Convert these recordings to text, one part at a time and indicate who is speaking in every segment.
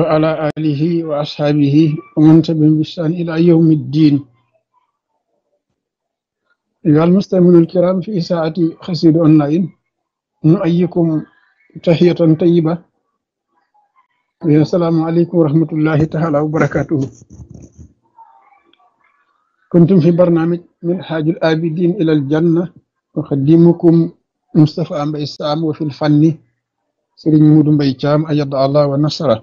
Speaker 1: وعلى آله وأصحابه ومن تبعهم بإحسان إلى يوم الدين أيها المستمعون الكرام في ساعة خسيد أونلاين نؤيكم تحية طيبة السلام عليكم ورحمة الله تعالى وبركاته كنتم في برنامج من حاج الآبدين إلى الجنة أقدمكم مصطفى أمبي السام وفي الفن سيرين مودو مبي أيد الله ونصره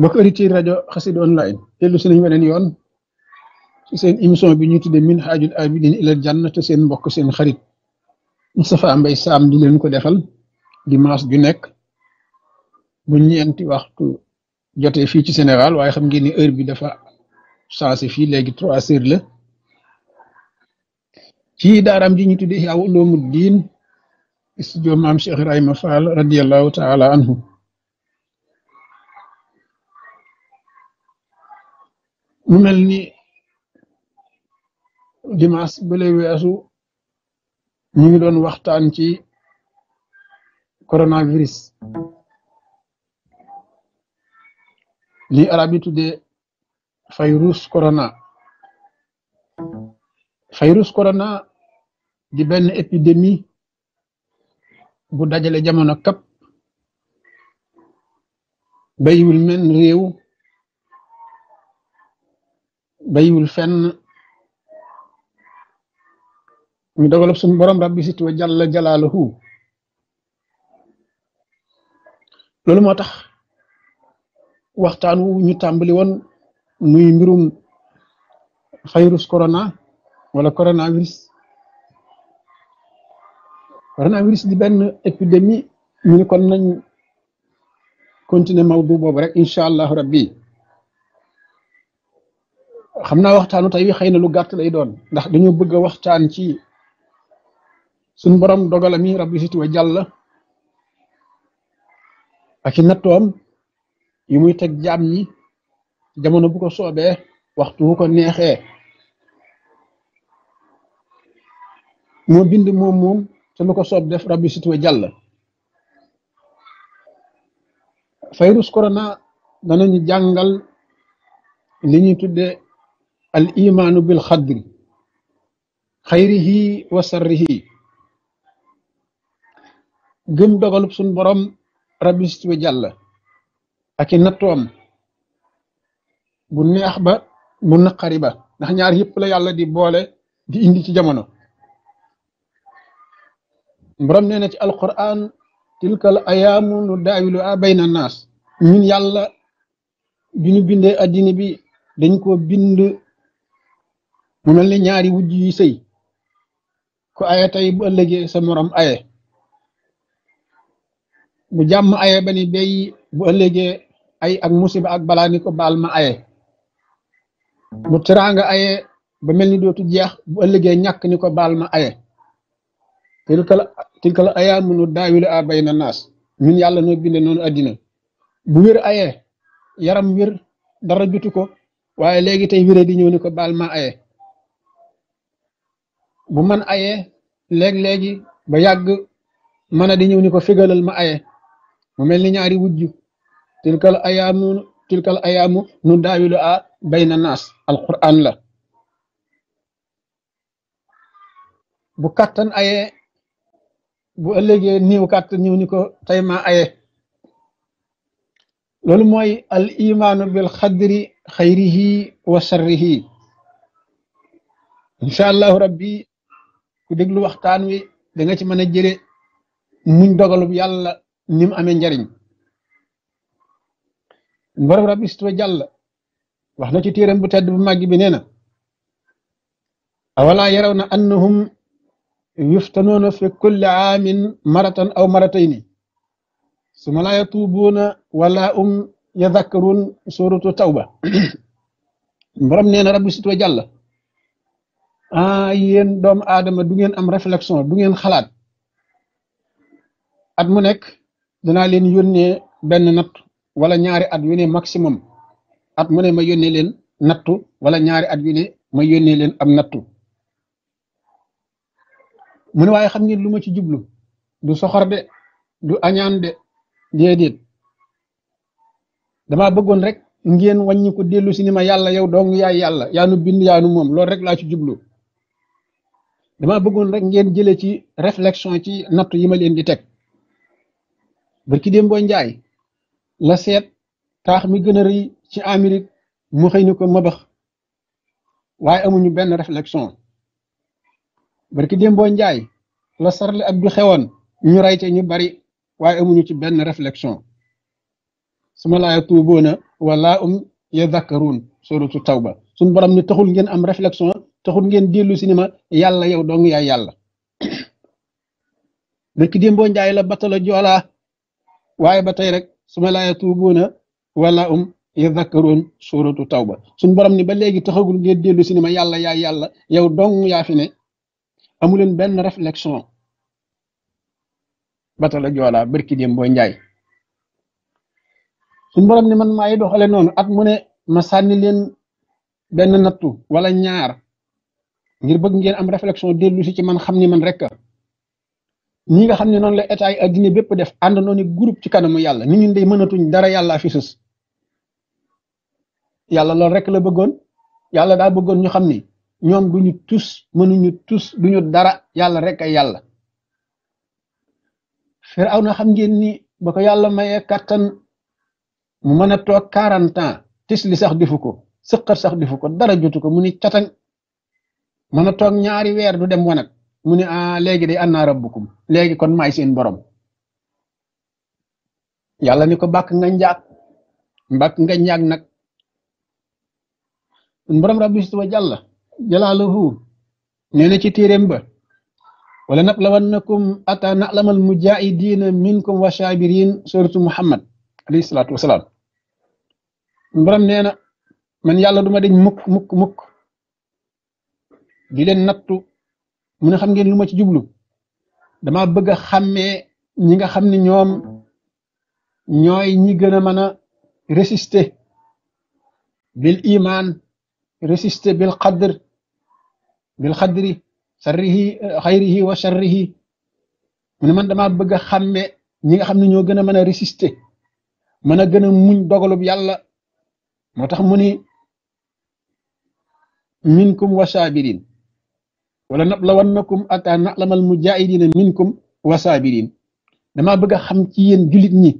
Speaker 1: bokk ëri ci rajo xasid online delu si nañu weneen yoon ci seen émission bi ñu tudde min hajul abidin ila janna te seen mbokk seen xarit mustafa Mbaye Sam di leen ko defal dimanche ju nekk bu ñeenti waxtu jotee fii ci Sénégal waaye xam ngeen ni heure bi dafa changé fii léegi trois heures la ci daaraam ji ñu tudde yaw uloomu diin studio maam Cheikh Ibrahima Fall radiallahu taala anhu mu mel ni dimanche ba lay weesu ñu ngi doon waxtaan ci coronavirus li arab yi tuddee virus corona virus corona di benn épidémie bu dajale jamono kap bayiwul men réew bayiwul fenn mu dogalab suñu borom rabbi sit wa jàlla jalaaluhu loolu moo tax waxtaan wu ñu tàmbali woon muy mbirum virus corona wala coronavirus coronavirus di benn épidémie ñu ni kon nañ continuer mawdu boobu rek incha allahu rabbi xam naa waxtaanu tey wi xëy na lu gàtt lay doon ndax dañoo bëgg a waxtaan ci suñ borom dogalami rabisit situwa jàll ak i nattoom yi muy teg jaam yi jamono bu ko soobee waxtu bu ko neexee mu bind moom moom te lu ko soob def rabisit situwa jàll virus corona danañu jàngal li tudde al imaanu bil xadri xayrihi wa sarrihi gëm dogalub suñ borom rabis wa jàlla ak i nattoom bu neex ba bu naqari ba ndax ñaar yëpp la yàlla di boole di indi ci jamono borom nee na ci alquran tilkal ayaamu nu daawilu a bayna ñun yàlla bi bindee addina bi dañ koo bind mu melni ñaari wujju yu sey ko aye tay bu ëllëgé sa morom aye mu jamm aye bani ni bu ëllëgé ay ak musiba ak balaa ni ko baal ma aye bu teraanga aye ba melni ni dootu jeex bu ëllëgé ñak ni ko baal ma aye tilkal tilkal ayaamu nu daawila a bayna nas ñun yalla no bindé non adina bu wër aye yaram wër dara jutu ko waaye léegi tey wéré di ñëw ni ko baal ma aye bu man ayé leg leegi ba yàgg mën di ñëw ni ko figalal ma aye mu melni ñaari wujju tilkal ayamu tilkal ayamu nu dawilu a bayna nas alquran la bu katan ayé bu ëllëgé niiw kat ñëw ni ko tay ma aye lolu moy al iman bil khadri khayrihi wa sarrihi incha rabbi ku déglu waxtaan wi da nga ci mën a jële muñ dogalub yàlla ni mu amee njariñ borom rab istuwa jàll wax na ci téeram bu tedd bu màgg bi nee na awalaa yaraw na annahum yuftanoona fi kulli aamin maratan aw maratayni suma laa yatuubuuna wala um yadakkaruun suuratu tawba borom nee na rab istuwa jàll ah yéen doomu aadama du ngeen am réflexion du ngeen xalaat at mu nekk danaa leen yónnee benn natt wala ñaari at yu ne maximum at mu ne ma yónnee leen nattu wala ñaari at yu ne ma yónnee leen am nattu mu ne waaye xam ngeen lu ma ci jublu du soxor de du añaan de déedéet damaa bëggoon rek ngeen wàññi ko dellu si ni ma yàlla yow dong yaay yàlla yaanu bind yaanu moom loolu rek laa ci jublu dama bëggoon rek ngeen jëlee ci réflexion ci nattu yi ma leen di teg bërki ki boo njaay la seet taax mi gën a rëy ci Amérique mu xëy ni ko mabax waaye amuñu benn réflexion bërki déem boo njaay la sarle ak du xewoon ñu rey ca ñu bari waaye amuñu ci benn réflexion suma laaya tuuboona wala um yadakkaruun suratu tawba suñ borom ni taxul ngeen am réflexion taxul ngeen dellu si ni ma yàlla yow dong yaay yàlla rek démboo njaay la batala joolaa waaye ba tey rek su ma laaya tuubuuna wala um yadakkaroon suuratu tawba suñ borom ni ba léegi taxagul ngeen dellu si ni ma yàlla yaay yàlla yow dong yaa fi ne amuleen benn réflexion batala joola barki démboo njaay suñ borom ni man maay doxale noonu at mu ne ma sànni leen benn nattu wala ñaar ngir bëgg ngeen am réflexion déllu si ci man xam ni man rek ñi nga xam non noonu la état yi addina bépp def ànd ni groupe ci kanamu yàlla ni ñun day mënatuñ dara yàlla fi sus yàlla lool rek la bëggoon yàlla daa bëggoon ñu xam ni ñoom duñu tus mënuñu tus duñu dara yàlla rek ay yàlla aw na xam ngeen ni ba ko yàlla mayee kattan mu mën a toog quarante ans tis sax ko sax dara jotu ko mu mana tok ñaari weer du dem wonak muni a ah, legi day anna rabbukum legi kon may seen borom yalla ni ko bak nga ñak bak nga njaag nag borom rabbi suba jalla jalaluhu neena ci tirem ba wala nablawannakum ata na'lamal mujahidin minkum wa shabirin suratu muhammad alayhi salatu wasalam borom neena man yalla duma deñ muk muk muk di leen nattu mu ne xam ngeen lu ma ci jublu dama bëgg a ñi nga xam ni ñoom ñooy ñi gën a mën a résister bil iman résister bil qadr bil qadri sarrihi xayrihi wa sharrihi mu ne man dama bëgg a ñi nga xam ne ñoo gën a mën a résister mën a gën a muñ dogalub yàlla moo tax mu ni minkum wa sabirin wala nablawannakum ataa na'lamal mujaahidiina minkum wa saabiriin damaa bëgg a xam ci yéen jullit ñi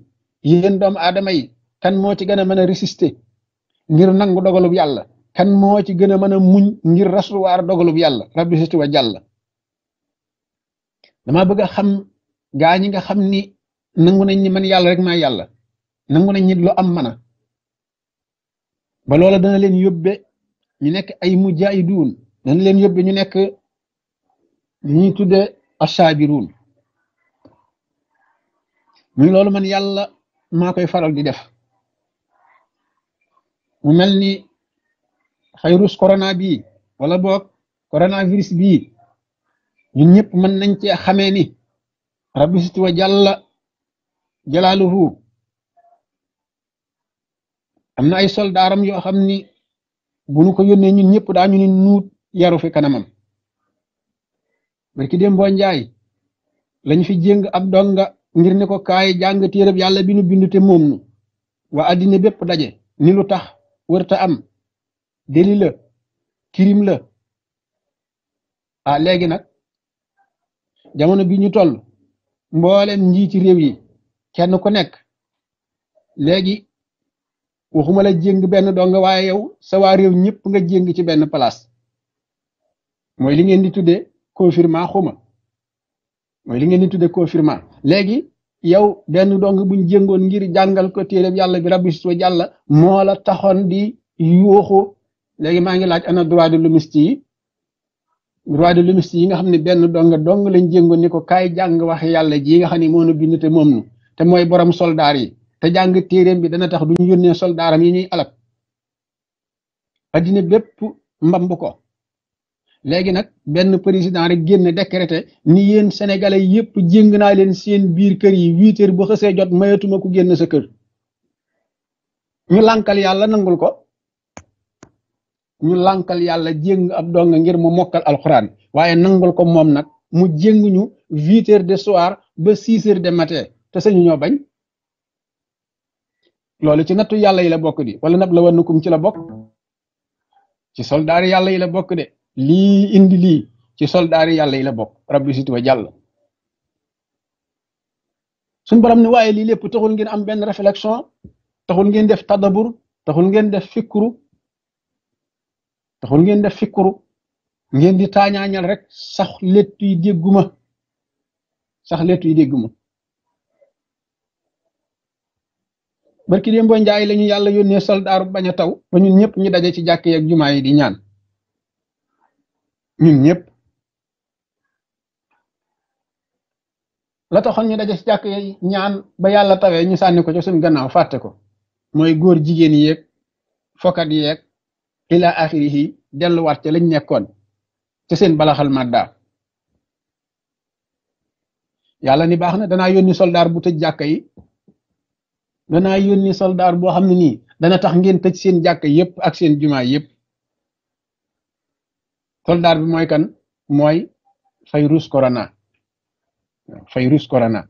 Speaker 1: yéen doom aadama yi kan moo ci gën a mën a résisté ngir nangu dogalub yàlla kan moo ci gën a man a muñ ngir rasuwaar dogalub yàlla rabbi sisti wa jàll damaa bëgg a xam gaa ñi nga xam ni nangu nañ ni man yàlla rek ma yàlla nangu nañ ni lu am mana ba loola dana leen yóbbe ñu nekk ay mujaahiduun dana leen yóbbe ñu nekk ñi tudde asabirun muy loolu man yàlla maa koy faral di def mu mel ni xayrus corona bii wala boog coronavirus bii ñun ñëpp mën nañ cee xamee ni rabbi situ jàlla jalaaluhu am na ay soldaaram yoo xam ni bu nu ko yónnee ñun ñëpp daañu ni nuut yaru fi kanamam barki dem boo njaay lañ fi jéng ab donga ngir ne ko kaay jàng téereb yàlla bi nu bindu te moom nu waa addina bépp daje nilu lu tax wërta am deli la kirim la ah léegi nag jamono bi ñu toll mboolem njiiti réew yi kenn ku nekk léegi waxuma la jéng benn donga waaye yow sa waa réew ñëpp nga jéng ci benn place mooy li ngeen di tuddee confirmer xuma moy li ngeen ni tudde confirmant yow benn dong buñ ngiri ngir jangal ko téereb yalla bi rabbi so jalla mo la taxoon di yuuxu léegi ma ngi laaj ana droit de l'homiste droit de l'homiste yi nga xamni benn dong dong lañ jengon ni ko kaay jàng wax yalla ji nga xamni bind te mom nu te moy borom yi te jang bi dana tax duñu yónnee soldaram yi ñuy alak addina bépp mbamb ko léegi nag benn président rek génn décrété ni yéen sénégalais yépp jéng naa leen seen biir kër yi huit heures bu xësee jot mayatuma ku génn sa kër ñu lànkal yàlla nangul ko ñu lànkal yàlla jéng ab donga ngir mu mokkal alxuraan waaye nangul ko moom nag mu jéng ñu huit de soir ba six de matin te sañu ñoo bañ loolu ci nattu yàlla yi la bokk di wala nab la wannukum ci la bokk ci soldaar yàlla yi la bokk de li indi li, ci soldari yalla yi la bokk rabbi situ jall sun borom ni waye li lepp taxul ngeen am ben reflection taxul ngeen def tadabur taxul ngeen def fikru, taxul ngeen def fikru, ngeen di tañañal rek sax lettu yi dégguma sax lettu yi dégguma barki dem bo njaay lañu yalla yónnee soldar baña taw ba ñun ñepp ñu dajé ci ak jumaa yi di ñaan ñun ñëpp la taxoon ñu daje ci jàkk ñaan ba yàlla tawee ñu sànni ko ci suñ gannaaw fàtte ko mooy góor jigéen yeeg fokkat yeek ila axirihi delluwaat ca lañ nekkoon ci seen balaxal madda yàlla ni baax na danaa yónni soldaar bu tëj jàkka yi danaa yónni soldaar boo xam ne nii dana tax ngeen tëj seen jàkka yépp ak seen jumaa yépp soldaar bi mooy kan mooy virus korona virus corona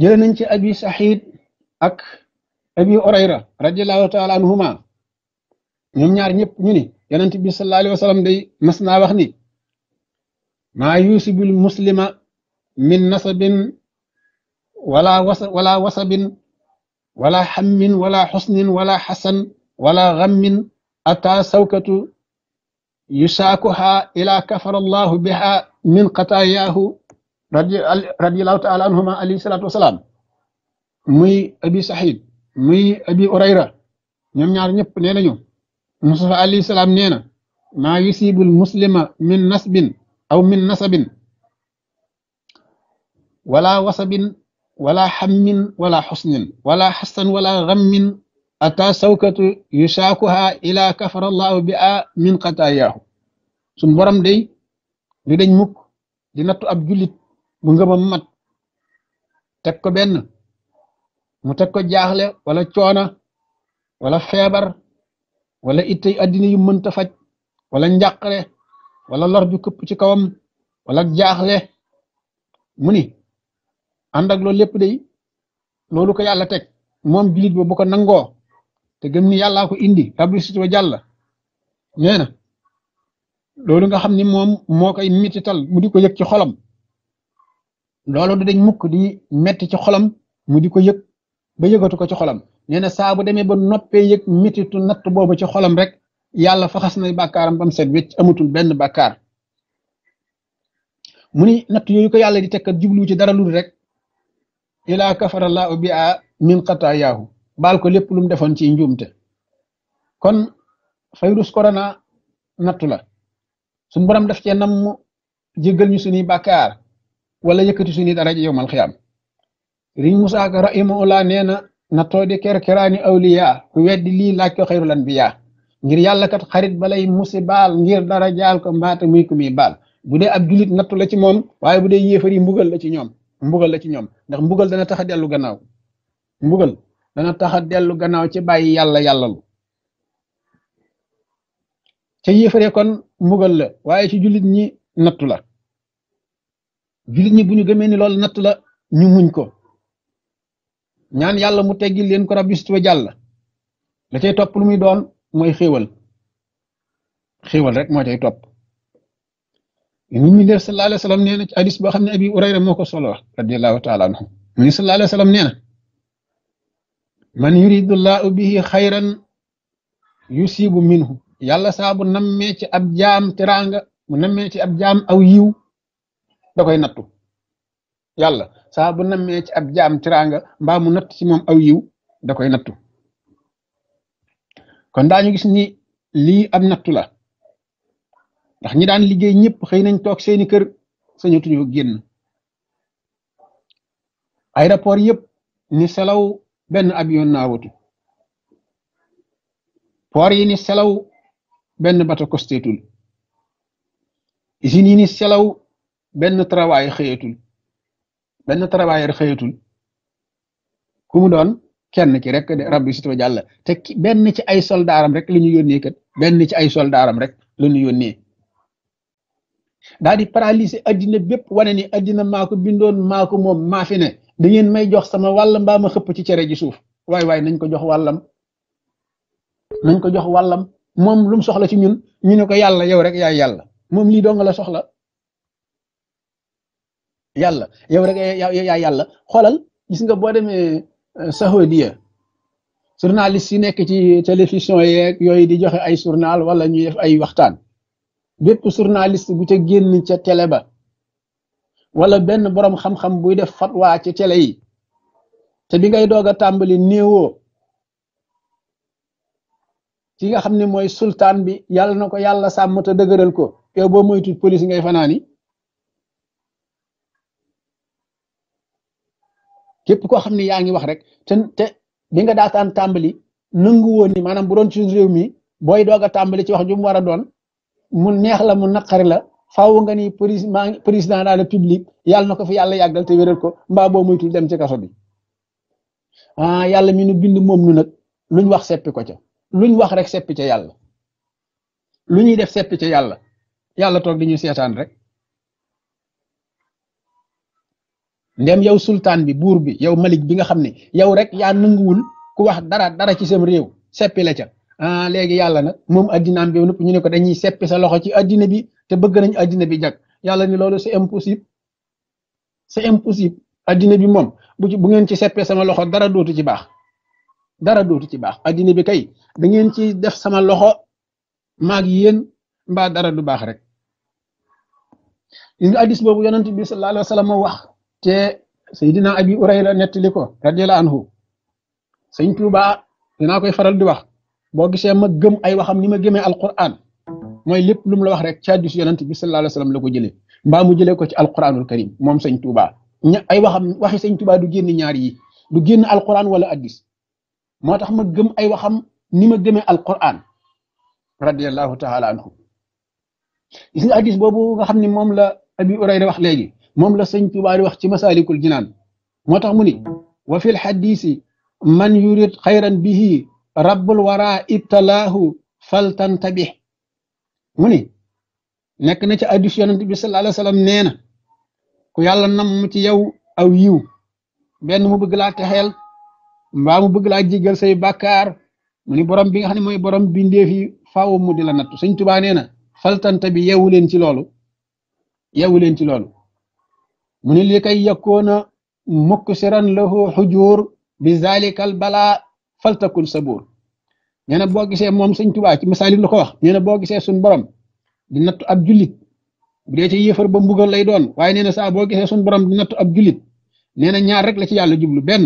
Speaker 1: jële nañ ci abi saxiid ak abi orayra radiallahu taala anhuma ñoom ñaar ñëpp ñu ni yonent bi sallallahu day mas wax ni maa yusibil muslima min nasabin wala wasabin ولا حم ولا حسن ولا حسن ولا غم أتى سوكة يساكها إلى كفر الله بها من قتاياه رضي الله تعالى عنهما عليه الصلاة والسلام مي أبي سعيد مي أبي أريرة نعم نعم نعم نعم نعم مصطفى عليه السلام نعم ما يسيب المسلم من نسب أو من نسب ولا وصب ولا حم ولا حصن ولا حسن ولا غم أتى سوكة يساكها إلى كفر الله بها من قتاياه سن برم دي لدي موك دي نتو أب جلت بنغم مات تكو بن متكو جاهل ولا چونا ولا فيبر ولا إتي أدني منتفج ولا نجاقل ولا لرجو كبتي كوام ولا جاهل مني ànd ak loolu lépp day loolu ko yàlla teg moom jullit ba bu ko nangoo te gëm ni yàlla ko indi publicité ba jàll nee loolu nga xam ni moom moo koy mettital mu di ko yëg ci xolam loolu du dañ mukk di metti ci xolam mu di ko yëg ba yëgatu ko ci xolam nee na saa demee ba noppee yëg mettitu natt boobu ci xolam rek yàlla faxas na bàkkaaram bam set wecc amatul benn bàkkaar mu ni natt yooyu ko yàlla di tekkat jublu ci dara lu rek ilaa kafarallahu bi a min xataayaahu baal ko lépp lu defoon ci njuumte kon fayrus korona nattu la suñu borom def cee nam jéggal ñu suñuy bàkkaar wala yëkkati suñuy dara ji yowmal xiyaam riñ musaaka rahimahullah nee na nattoo di kerkeraani awliyaa ku weddi lii laaj ko xayrul anbiyaa ngir yàlla kat xarit balay musi baal ngir dara jaal ko mbaate muy ku baal bu dee ab julit nattu la ci moom waaye bu dee yéefar yi mbugal la ci ñoom mbugal la ci ñoom ndax mbugal dana tax a dellu gannaaw mbugal dana tax dellu gannaaw ci bàyyi yàlla yàllalu ca yéefare kon mbugal la waaye ci julit ñi nattu la jullit ñi bu ñu gëmee ni loolu nattu la ñu muñ ko ñaan yàlla mu teggil leen ko rab istuwa jàll la cay topp lu muy doon mooy xéewal xéewal rek moo cay topp nit ñi def sallallahu alayhi wa sallam nee na ci hadis boo xam ne abi urayra moo solo radiyallahu taala mu ni sallallahu alayhi wa sallam nee na man yuridullahu bihi xayran yusibu minhu yàlla saa bu nammee ci ab jaam teraanga mu nammee ci ab jaam aw yiw da koy nattu yàlla saa bu nammee ab jaam teraanga mbaa mu natt ci moom aw yiw da koy nattu kon daañu gis ni lii am nattu la ndax ñi daan liggéey ñëpp xëy nañ toog seeni kër sañatuñu génn aéroport yëpp ñi selaw benn avion naawatu port yi ni selaw benn bato kosteetul usines yi ni selaw benn travail xëyatul benn travailleur xëyatul ku mu doon kenn ki rek de rabbi sitwa jàll te benn ci ay soldaaram rek la ñu yónnee kat benn ci ay soldaaram rek la ñu yónnee daal di àddina addina bépp wane ni addina maa bindoon maako moom maa fi ne da ngeen may jox sama wàllam mbaam ma xëpp ci cere ji suuf waaye waaye nañ ko jox wàllam nañ ko jox wàllam moom lum soxla ci ñun ñu ne ko yàlla yow rek yaay yàlla moom lii dong la soxla yàlla yow rek yaay yàlla xoolal gis nga boo demee euh, Saudia journaliste yi nekk ci télévision yeeg yooyu di joxe ay journal wala ñuy def ay waxtaan. bépp journaliste bu ca génn ca télé ba wala benn boroom xam-xam buy def fatwa ci télé yi te bi ngay doog a tàmbali néewoo ki nga xam ne mooy sultaan bi yàlla na ko yàlla sàmm te dëgëral ko yow boo moytu police ngay fanaani képp koo xam ne yaa ngi wax rek te te bi nga daataan tàmbali nangu woon ni maanaam bu doon ci réew mi booy doog tàmbali ci wax ju mu war a doon mu neex la mu naqari la faaw nga ni président de la république yalla nako ko fi yalla yagal te wëral ko mbaa boo moytul dem ci kasso bi ah yalla mi nu bind mom nu nak luñ wax seppi ko ca luñ wax rek seppi ca yalla lu def seppi ca yalla yalla tok diñu sétane rek ndem yow sultan bi burbi, bi yow malik bi nga xamne yow rek ya nanguwul ku wax dara dara ci sem rew seppi la ca ah léegi yàlla nag moom addinaam bi nëpp ñu ne ko dañuy seppi sa loxo ci addina bi te bëgg nañ addina bi jag yàlla ni loolu c'est impossible c'est impossible addina bi moom bu ci bu ngeen ci seppee sama loxo dara dootu ci baax dara dootu ci baax addina bi kay da ngeen ci def sama loxo maag yéen mbaa dara du baax rek addis boobu yonent bi sa alayhi wa sallam wax te Seydina Abi Urayra nettali ko radiyallahu anhu sëñ Tuubaa dinaa koy faral di wax boo gisee ma gëm ay waxam ni ma gëmee alquran mooy lépp lu mu la wax rek caaju si yonent bi sallallahu alayhi wasallam la ko jëlee mbaa mu jëlee ko ci alquranul karim moom sëñ Touba ña ay waxam waxi sëñ Touba du génn ñaar yi du génn alquran wala hadis moo tax ma gëm ay waxam ni ma gëmee alquran radiyallahu ta'ala anhu gis nga hadis boobu nga xam ni moom la abi urayra wax léegi moom la sëñ Touba di wax ci masalikul jinaan moo tax mu ni wa fil hadisi man yurid xayran bihi rabbul wara ibtalaahu faltantabih mu ni nekk na ci addis yonent bi sallallahu alayhi wa nee na ku yàlla nam ci yaw aw yiw benn mu bëgg laa texeel mbaa mu bëgg laa jéggal say bàkkaar mu ni borom bi nga xam ne mooy borom bindeef yi mu di la nattu Sëñ Tuubaa nee na faltanta bi yewu leen ci loolu yewu leen ci loolu mu ni li mukk siran lahu xujur bi zalikal balaa faltakun sabuur nee na boo gisee moom sëñ tubaa ci masaalit la ko wax nee boo gisee suñ borom di nattu ab jullit bu dee ci yéefar ba mbugal lay doon waaye nee na saa boo gisee suñ borom di nattu ab jullit nee na ñaar rek la ci yàlla jublu benn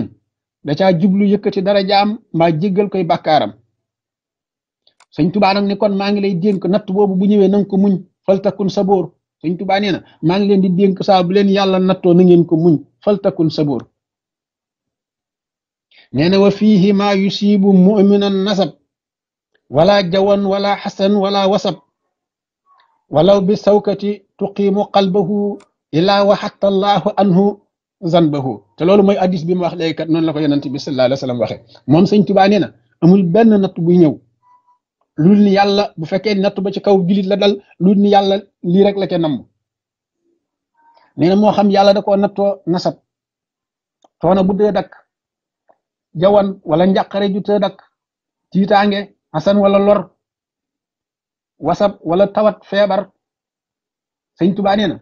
Speaker 1: da caa jublu yëkkati dara jaam mbaa jéggal koy bàkkaaram sëñ tubaa nag ni kon maa ngi lay dénk natt boobu bu ñëwee nanga ko muñ faltakun sabuur sëñ tubaa nee na maa ngi leen di dénk saa leen yàlla nattoo na ngeen ko muñ faltakun sabuur nee na wa fiihi maa yusiibu muminan nasab wala jawan wala xasan wala wasab walaw bi sawkati tuqiimu qalbahu ilaa waxatta allaahu anhu zanbahu te loolu mooy addis bi wax kat noonu la ko yonent bi sallallahu alayhi wa sallam waxee moom sëñ Tuubaa amul benn natt buy ñëw lul ni yàlla bu fekkee natt ba ci kaw julit la dal lul ni yàlla lii rek la ca namm nee na xam yàlla da koo nattoo nasab toona bu dee dakk jawan wala njàqare ju te dakk tiitaange asan wala lor wasab wala tawat feebar sëñ tubaa nee na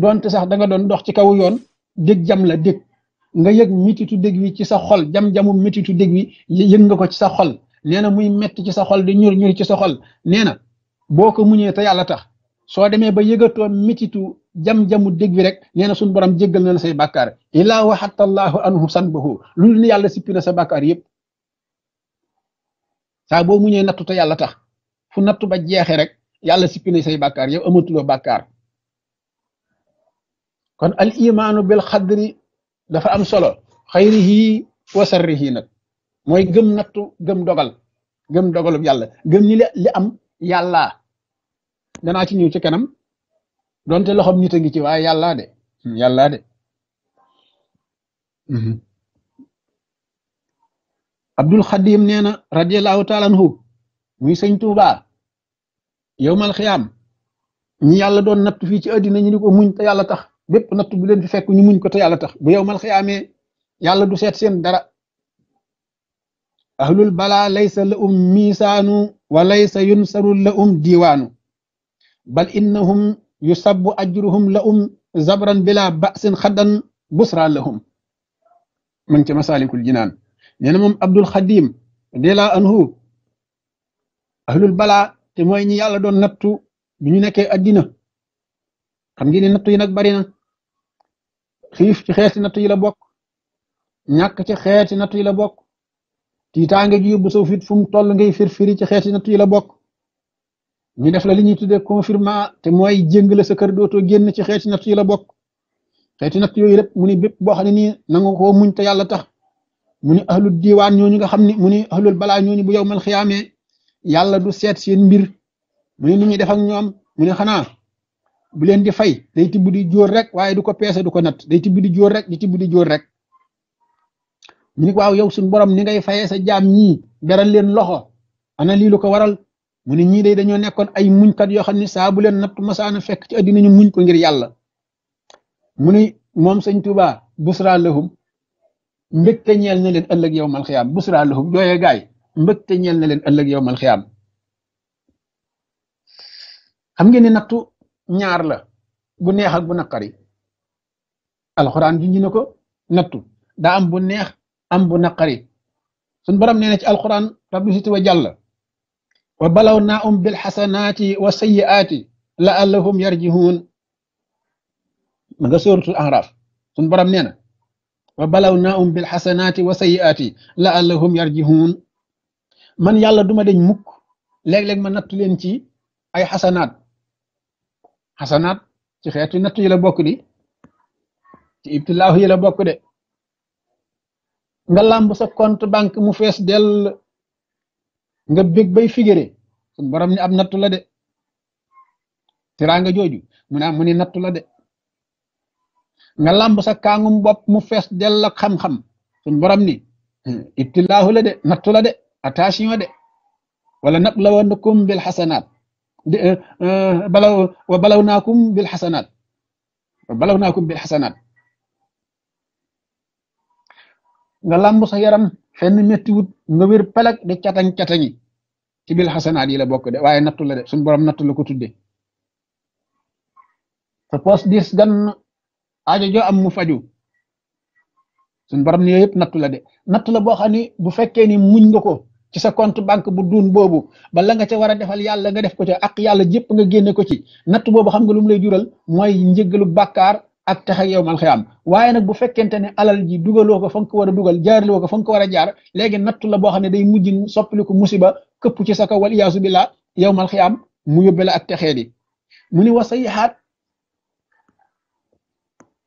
Speaker 1: doonte sax danga doon dox ci kaw yoon dég jam la dég nga yëg mititu dég wi ci sax xol jam-jamu mititu dég wi yëg nga ko ci sax xol nee na muy metti ci sa xol di ñur ñur ci sa xol nee na boo ko muñee te yàlla tax soo demee ba yëgatoo mititu jam-jamu dég bi rek nee na suñu borom jéggal na la say bàkkaar ilaa waxatallaahu san sanbahu lu ni yàlla sippi na sa bàkkaar yëpp saa boo mu muñee nattu te yàlla tax fu nattu ba jeexe rek yàlla sippi na say bàkkaar yow amatuloo bàkkaar kon al imaanu bil xadri dafa am solo foo wa sarrihi nag mooy gëm nattu gëm dogal gëm dogalu yàlla gëm ni li am yàlla danaa ci ñëw ci kanam donte loxoom nit a ngi ci waaye yàllaa de hmm, yàllaa de hmm. Abdul Xadim nee na radiyallahu taala anhu muy sëñ Tuubaa yowmal xiyaam ñi yàlla doon natt fii ci àddina ñu ni ko muñ te yàlla tax bépp natt bu leen fi fekk ñu muñ ko te yàlla tax bu yowmal xiyaamee yàlla du set seen dara ahlul balaa laysa la um miisaanu wa laysa yunsaru la um diiwaanu بل إنهم يسب أجرهم لهم زبرا بلا بأس خدا بسرا لهم من مسالك الجنان ينمم يعني عبد الخديم ديلا أنه أهل البلاء تمويني يالا دون نبتو بني نكي أدينا كم جيني نبتو ينك بارينا خيف تخيس نبتو يلا بوك ñak ci xéeti natuy la bok titangé jiyu bu so fit fum toll ngay fir firi ci xéeti natuy la bok ñu def la li ñuy tuddee confirmant te mooy jëng la sa kër dootoo génn ci xeeti natt yi la bokk xeeti natt yooyu rek mu ni bépp boo xam ne nii nangu koo muñ te yàlla tax mu ni ahlul diwaan ñooñu nga xam ni mu ni ahlul balaa ñooñu bu yow mal xiyaamee yàlla du seet seen mbir mu ni ñuy def ak ñoom mu ne xanaa bu leen di fay day tibb di jóor rek waaye du ko peese du ko natt day tibb di jóor rek di tibb di jóor rek mu ni waaw yow suñ borom ni ngay fayee sa jaam ñii beral leen loxo ana lii lu ko waral mu ne ñii day dañoo nekkoon ay muñkat yoo xam ne saa bu leen nattu masaana fekk ci àddina ñu muñ ko ngir yàlla mu ne moom sëñ busra lahum mbégte ñeel na leen ëllëg yow mal busra lahum jooye gaay mbégte ñeel na leen ëllëg yow mal xiyaam xam ngeen ne nattu ñaar la bu neex ak bu naqari alxuraan ko nattu daa am bu neex am bu naqari sun borom nee na ci alxuraan rabbi situ wa jàlla wa balaw naa um bil xasanaati wa sayyiaati la allahum yarjihuun ma nga sóorutul ahraaf sun borom nee na wa balaw naa um bil xasanaati wa sayyiaati la allahum yarjihuun man yàlla duma deñ mukk léeg-léeg ma nattu leen ci ay xasanaat xasanaat ci xeetu nattu yi la bokk di ci ibtilaahu yi la bokk de nga làmb sa compte banque mu fees nga bég bay figéré suñu ni ab nattu la de teraanga jooju mu ne mu ni de nga làmb sa kaangum bopp mu fees dell ak xam-xam suñu borom ni hmm, ibtilaahu la de nattu la de attention de wala nab la wannakum bil wa balaw naakum bil xasanaat eh, eh, nga lamb sa yaram fenn wut nga wér pelak de catañ catañi ci bil xasanaat yi la bokk de waye natul la de sun borom natul ko tuddé sa pos dis gan aja jo am mu faju sun borom ni yëpp natul la de natul la bo xani bu fekke ni muñ nga ko ci sa compte banque bu dun bobu ba la nga ci wara defal yalla nga def ko ci ak yalla jep nga genné ko ci natt bobu xam nga lum lay jural moy njëggalu bakar ak taxay yow mal xiyam waye nak bu fekente ni alal ji dugaloo ko fonk wara dugal jaar lo ko fonk wara jaar legi nattu la bo xamne ne day mujj soppiliku musiba këpp ci saka wal billah yow mal mu yobela ak di muni wasayhat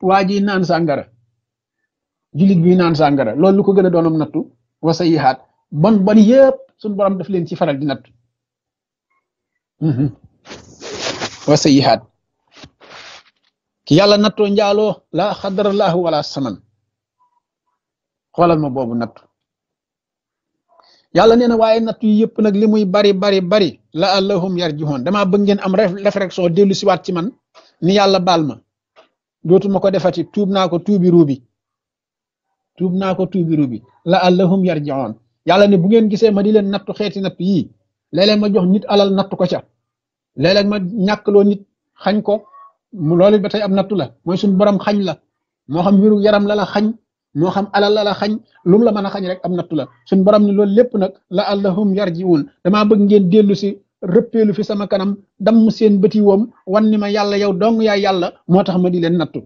Speaker 1: waji nan sangara julit bi nan sangara lolou lu ko gën a doonam nattu wasa ban sun borom daf len ci faral di nattu wasa wasayhat yàlla nattoo njaaloo laa xadarallahu wala saman xoolal ma boobu nattu yàlla nee na waaye nattu yi yëpp nag li muy bari bari bari la allahum yarjihoon damaa bëgg ngeen am réflexion dellu siwaat ci man ni yàlla baal ma dootuma ko defati tuub naa ko tuubi ruubi tuub naa ko tuubi ruubi la allahum yarjihoon yàlla ne bu ngeen gisee ma di leen nattu xeeti nattu yii léeg ma jox nit alal nattu ko ca léeg-léeg ma ñàkkloo nit xañ ko loolu ba tey am nattu la mooy suñu borom xañ la moo xam wiru yaram la la xañ moo xam alal la la xañ lum la man a xañ rek am nattu la suñu borom ni loolu lépp nag la allahum yarjiun damaa bëgg ngeen dellu si rëppeelu fi sama kanam dam seen bëti woom wan ni ma yàlla yow dong yaay yàlla moo tax ma di leen nattu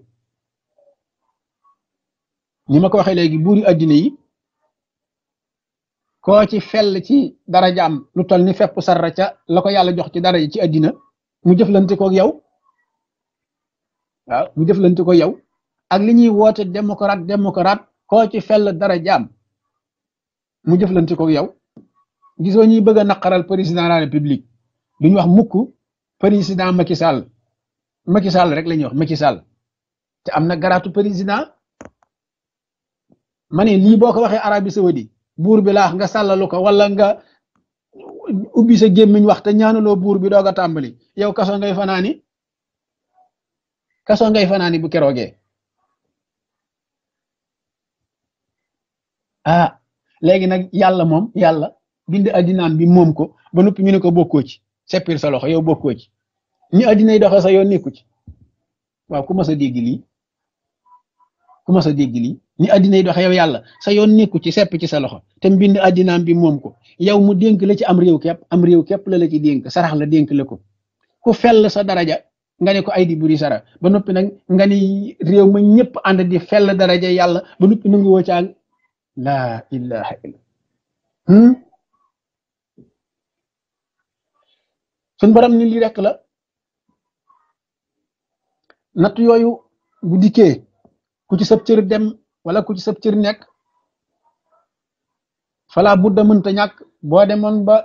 Speaker 1: ñi ma ko waxee léegi buuri addina yi ko ci fell ci dara jaam lu toll ni fepp sarra ca la ko yàlla jox ci dara ji ci addina mu jëflante koog yow waaw ñu jëflante ko yow ak li ñuy woote démocrate démocrate ko ci fel dara jaam mu jëflante ko yow gisoo ñuy bëgg a naqaral président de la république duñu wax mukk président Macky Sall Macky rek la ñuy wax Macky te am na garaatu président ma ne lii boo ko waxee Arabie Saoudi buur bi laax nga sàllalu ko wala nga ubbi sa gémmiñ wax te ñaanaloo buur bi doog a tàmbali yow kaso ngay fanaani kaso ngay fanaani bu keroogee ah léegi nag yàlla moom yàlla bind addinaan bi moom ko ba noppi ñu ne ko bokkoo ci seppir sa loxo yow bokkoo ci ñu addina yi doxe sa yoon nekku ci waaw ku mas a dégg lii ku mas a dégg lii ñu addina yi doxe yow yàlla sa yoon nekku ci sepp ci sa loxo te bind addinaan bi moom ko yow mu dénk la ci am réew képp am réew képp la la ci dénk sarax la dénk la ko ku fell sa daraja nga ne ko ay di buri sara ba noppi nak nga ni réew ma ñepp and di fell daraja yalla ba noppi nangu wo ca la ilaha illa hmm? sun borom ni li rek la natt yoyu bu ku ci sab dem wala ku ci sab cër nek fala budda ta ñak bo demone ba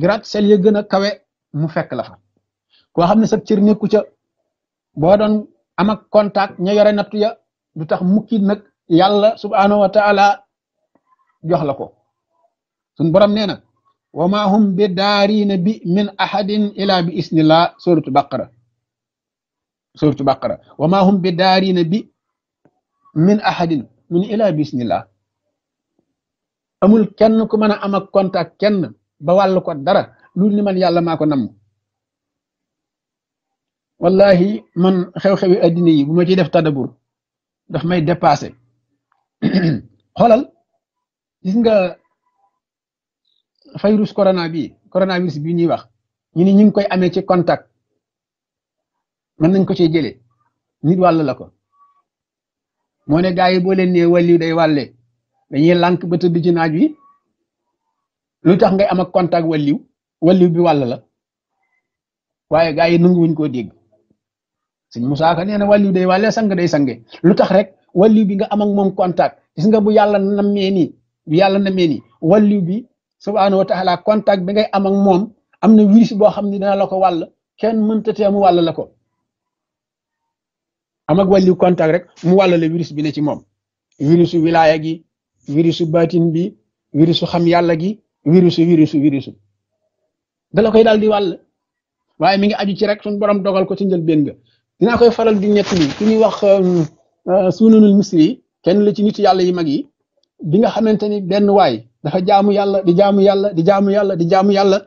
Speaker 1: grat sel ye ya gëna kawé kawe mu fekk la fa koo xam ne sa cër nekku ca boo doon am ak contact ña yore nattu ya du tax mukki nag yàlla subhanahu wa taala jox la ko sun borom nee na wa ma hum bi daariina bi min ahadin ila bi isnillah bi daariina min ahadin min ila bi amul kenn ku mën a am ak contact kenn ba wàllu ko dara lu ni man yàlla maa ko والله من خيو خيو اديني بما تي داف تادبر داف ماي ديباسي خولال غيسغا فيروس كورونا بي كورونا فيروس بي ني واخ ني ني نين كوي امي تي كونتاك من نين كو تي جيلي نيت والا لاكو مو ني غاي بو لين ني واليو داي والي دا ني لانك با تدي جي ناجوي لو تخ غاي اما كونتاك واليو واليو بي والا لا واي غاي نونغ وين كو ديغ seigne moussa ka neena wali day walé sang day sangé lutax rek walu bi nga am ak mom contact gis nga bu yalla namé ni bu yalla namé ni walu bi subhanahu wa ta'ala contact bi ngay am ak mom amna virus bo xamni dina la ko wal kenn mën ta mu wal la ko am ak walu contact rek mu wal la virus bi ne ci mom virus. wilaya gi virus batin bi virus xam yalla gi virus virus virus da la koy dal wal waye mi ngi aju ci rek sun borom dogal ko ci ndel ben nga dinaa koy faral di ñett li ku ñuy wax euh, euh, sunanul misri kenn la ci nit yàlla yi mag yi bi nga xamante ni benn waay dafa jaamu yàlla di jaamu yàlla di jaamu yàlla di jaamu yàlla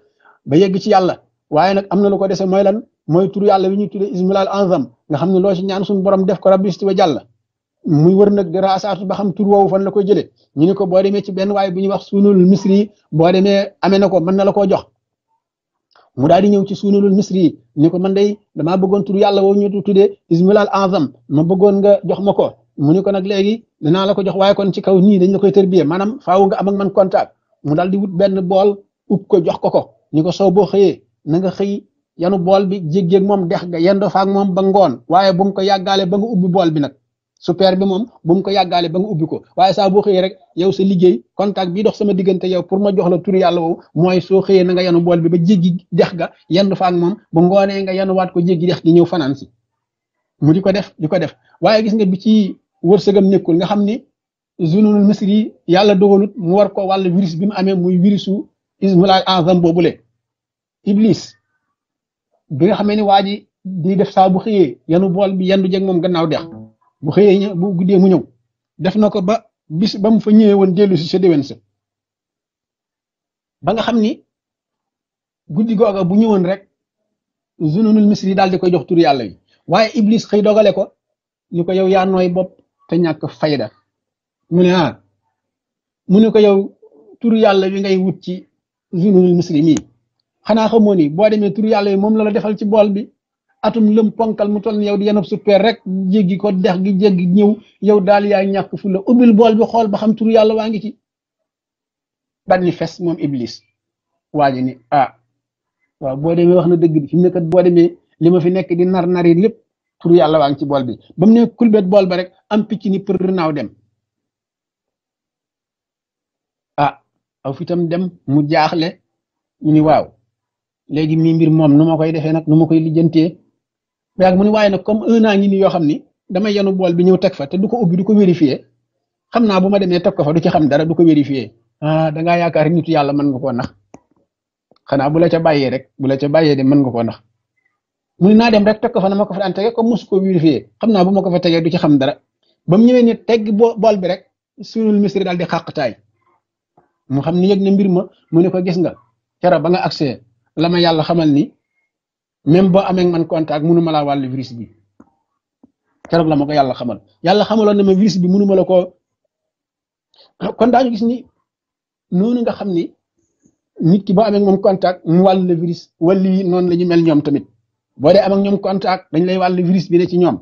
Speaker 1: ba yegg ci yàlla waaye nag am na lu ko dese mooy lan mooy tur yàlla bi ñuy tuddee ismilal anzam nga xam ne loo ci ñaan suñu borom def ko rabbisti ba jàll muy wër nag rasaatu ba xam tur woowu fan la koy jëlee ñu ne ko boo mee ci benn waay bi ñuy wax sunanul misri boo demee amee na ko mën na la koo jox mu daal di ñëw ci sunanul misri yi ni ko man day damaa bëggoon tur yàlla woo ñu tuddee ismilal azam ma bëggoon nga jox ma ko mu ni ko nag léegi danaa la ko jox waaye kon ci kaw nii dañ la koy tërbiyee maanaam faaw nga am man contact mu daal di wut benn bool ub ko jox ko ko ni ko soo boo xëyee na nga xëy yanu bool bi jéggeeg moom dex ga yendoo faak moom ba ngoon waaye bu mu ko yàggaale ba nga ubb bool bi nag super bi mom bum ko yagale ba nga ubbi ko waye sa bo xey rek yow sa liggey contact bi dox sama digënté yow pour ma jox la tour yalla wo moy so xey na nga yanu bol bi ba jéggi jax ga yendu fa ak mom bu ngone nga yanu wat ko jéggi jax gi ñew fanan ci mu diko def diko def waye gis nga bi ci wërsegam nekkul nga xamni zununul misri yalla dogonut mu war ko wal virus bi mu amé muy virusu ismul azam bobule iblis bi nga xamé waji di def sa bu xey yanu bol bi yandu jek mom gannaaw bu xëyee ñëw bu guddee mu ñëw def na ko ba bis ba mu fa ñëwee woon dellusi si sa déwén sa ba nga xam ni guddi googa bu ñëwoon rek zununul misri daal di koy jox tur yàlla wi waaye iblis xëy dogale ko ñu ko yow yaa nooy bopp te ñàkk fayda mu ne ah mu ne ko yow tur yàlla bi ngay wut ci zununul misri mii xanaa xamoo ni boo demee tur yàlla yi moom la la defal ci bool bi atum lëm ponkal mu toll ni yow rek jéggi ko dex gi jéggi ñëw yow ñàkk la ubbil bool bi xool ba xam turu yàlla waa ngi ci daal ni moom iblis waa ji ni ah, waaw boo demee wax na dëgg fi boo demee li ma fi nekk di nari lépp turu yàlla waa ngi ci bool bi ba mu ne kulbet bool ba rek am picc ni për naaw dem ah aw fitam dem mu jaaxle ñu ni waaw léegi mi mbir moom nu ma koy defee nag nu ma koy lijjantee yàgg mu ne waaye nag comme un an ngi nii yoo xam ni damay yenu bool bi ñëw teg fa te du ko ubbi du ko vérifié xam naa bu ma demee teg ko fa du ci xam dara du ko vérifié ah da ngaa yaakaar nitu yàlla mën nga koo nax xanaa bu la ca bàyyee rek bu la ca bàyyee de mën nga koo nax mu naa dem rek teg ko fa na ma ko fa daan tege comme mosu ko vérifié xam naa bu ma ko fa tegee du ci xam dara ba mu ñëwee ni tegg bool bi rek sunul misri daal di xàqtaay mu xam ni yëg na mbir ma mu ne ko gis nga cara ba nga accès lama yàlla xamal ni même boo amee man contact mënuma laa wàllu virus bi keroog la ma ko yàlla xamal yàlla xamaloon na ma virus bi mënuma la ko kon daañu gis ni noonu nga xam ni nit ki boo amee moom contact mu wàllu la virus la ñu ñoom tamit boo dee am ñoom contact dañ lay wàllu virus bi ne ci ñoom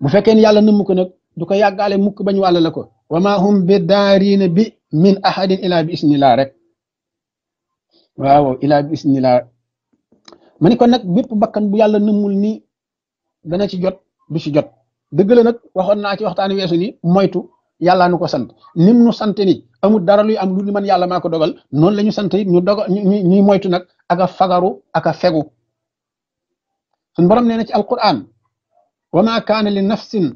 Speaker 1: bu fekkee ni yàlla nëmm ko nag du ko yàggaale mukk bañ wàll la ko wa maa bi daarina bi min ahadin ilaa bi isnilaa rek waaw ilaa bi isnilaa mané kon nak bépp bakkan bu yalla neumul ni dana ci jot du ci jot dëgg la nag waxoon naa ci waxtani wessu ni moytu yalla nu ko sant nim nu sant ni amu dara luy am lu man yalla mako dogal non lañu ñu dogal moytu nak aka fagaru aka fegu sun borom neena ci alquran wa ma li nafsin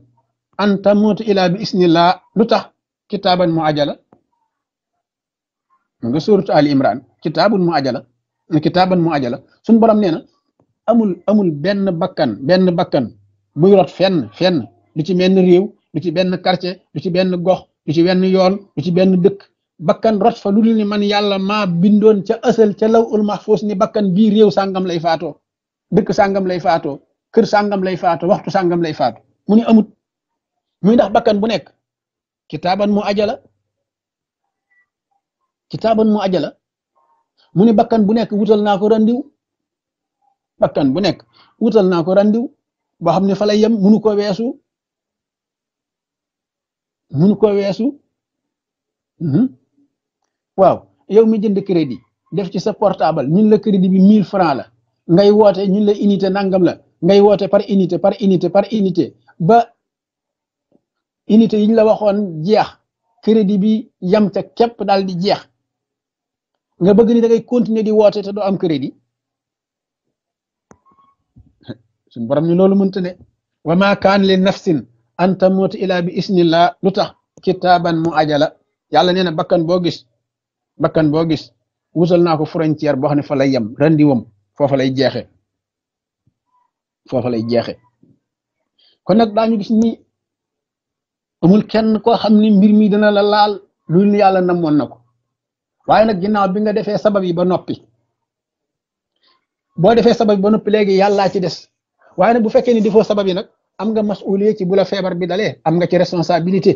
Speaker 1: an tamut ila bi isni la lutah kitaban mu ajala nga ali imran kitabun mu kitaaban mu ajala suñu borom nee na amul amul benn bakkan benn bakkan buy rot fenn fenn du ci benn réew du ci benn quartier du ci benn gox du ci benn yoon du ci benn dëkk bakkan rot fa lu dul ni man yàlla maa bindoon ca ësal ca law ul mahfuus ni bakkan bii réew sàngam lay faatoo dëkk sàngam lay faatoo kër sàngam lay faato waxtu sàngam lay faato mu ni amut muy ndax bakkan bu nekk kitaaban mu ajala kitaaban mu ajala mu ne bakkan bu nekk wutal naa ko randiw bakkan bu nekk wutal naa ko randiw boo xam ne fa lay yem munu ko weesu munu ko weesu mhm. waaw yow mi jënd crédit def ci sa portable ñun la crédit bi 1000 francs la ngay woote ñun la unité nangam la ngay woote par unité par unité par unité ba unité yi la waxoon jeex crédit bi yam ca képp daal di jeex. nga bëgg ni da ngay continuer di woote te doo am crédit suñu borom ni loolu mënta ne wa ma kaan li nafsin an tamuuta ilaa bi isnillah lu tax kitaaban mu ajala yàlla nee na bakkan boo gis bakkan boo gis wutal naa ko frontière boo xam ne fa lay yem rendiwam foofa lay jeexe foofa lay jeexe kon nag daañu gis ni amul kenn koo xam ni mbir mi dana la laal lu yàlla namoon na ko waaye nag ginnaaw bi nga defee sabab yi ba noppi boo defee sabab yi ba noppi léegi yàllaa ci des waaye nag bu fekkee ni defoo sabab yi nag am nga masuliye ci bula feebar bi dalee am nga ci responsabilité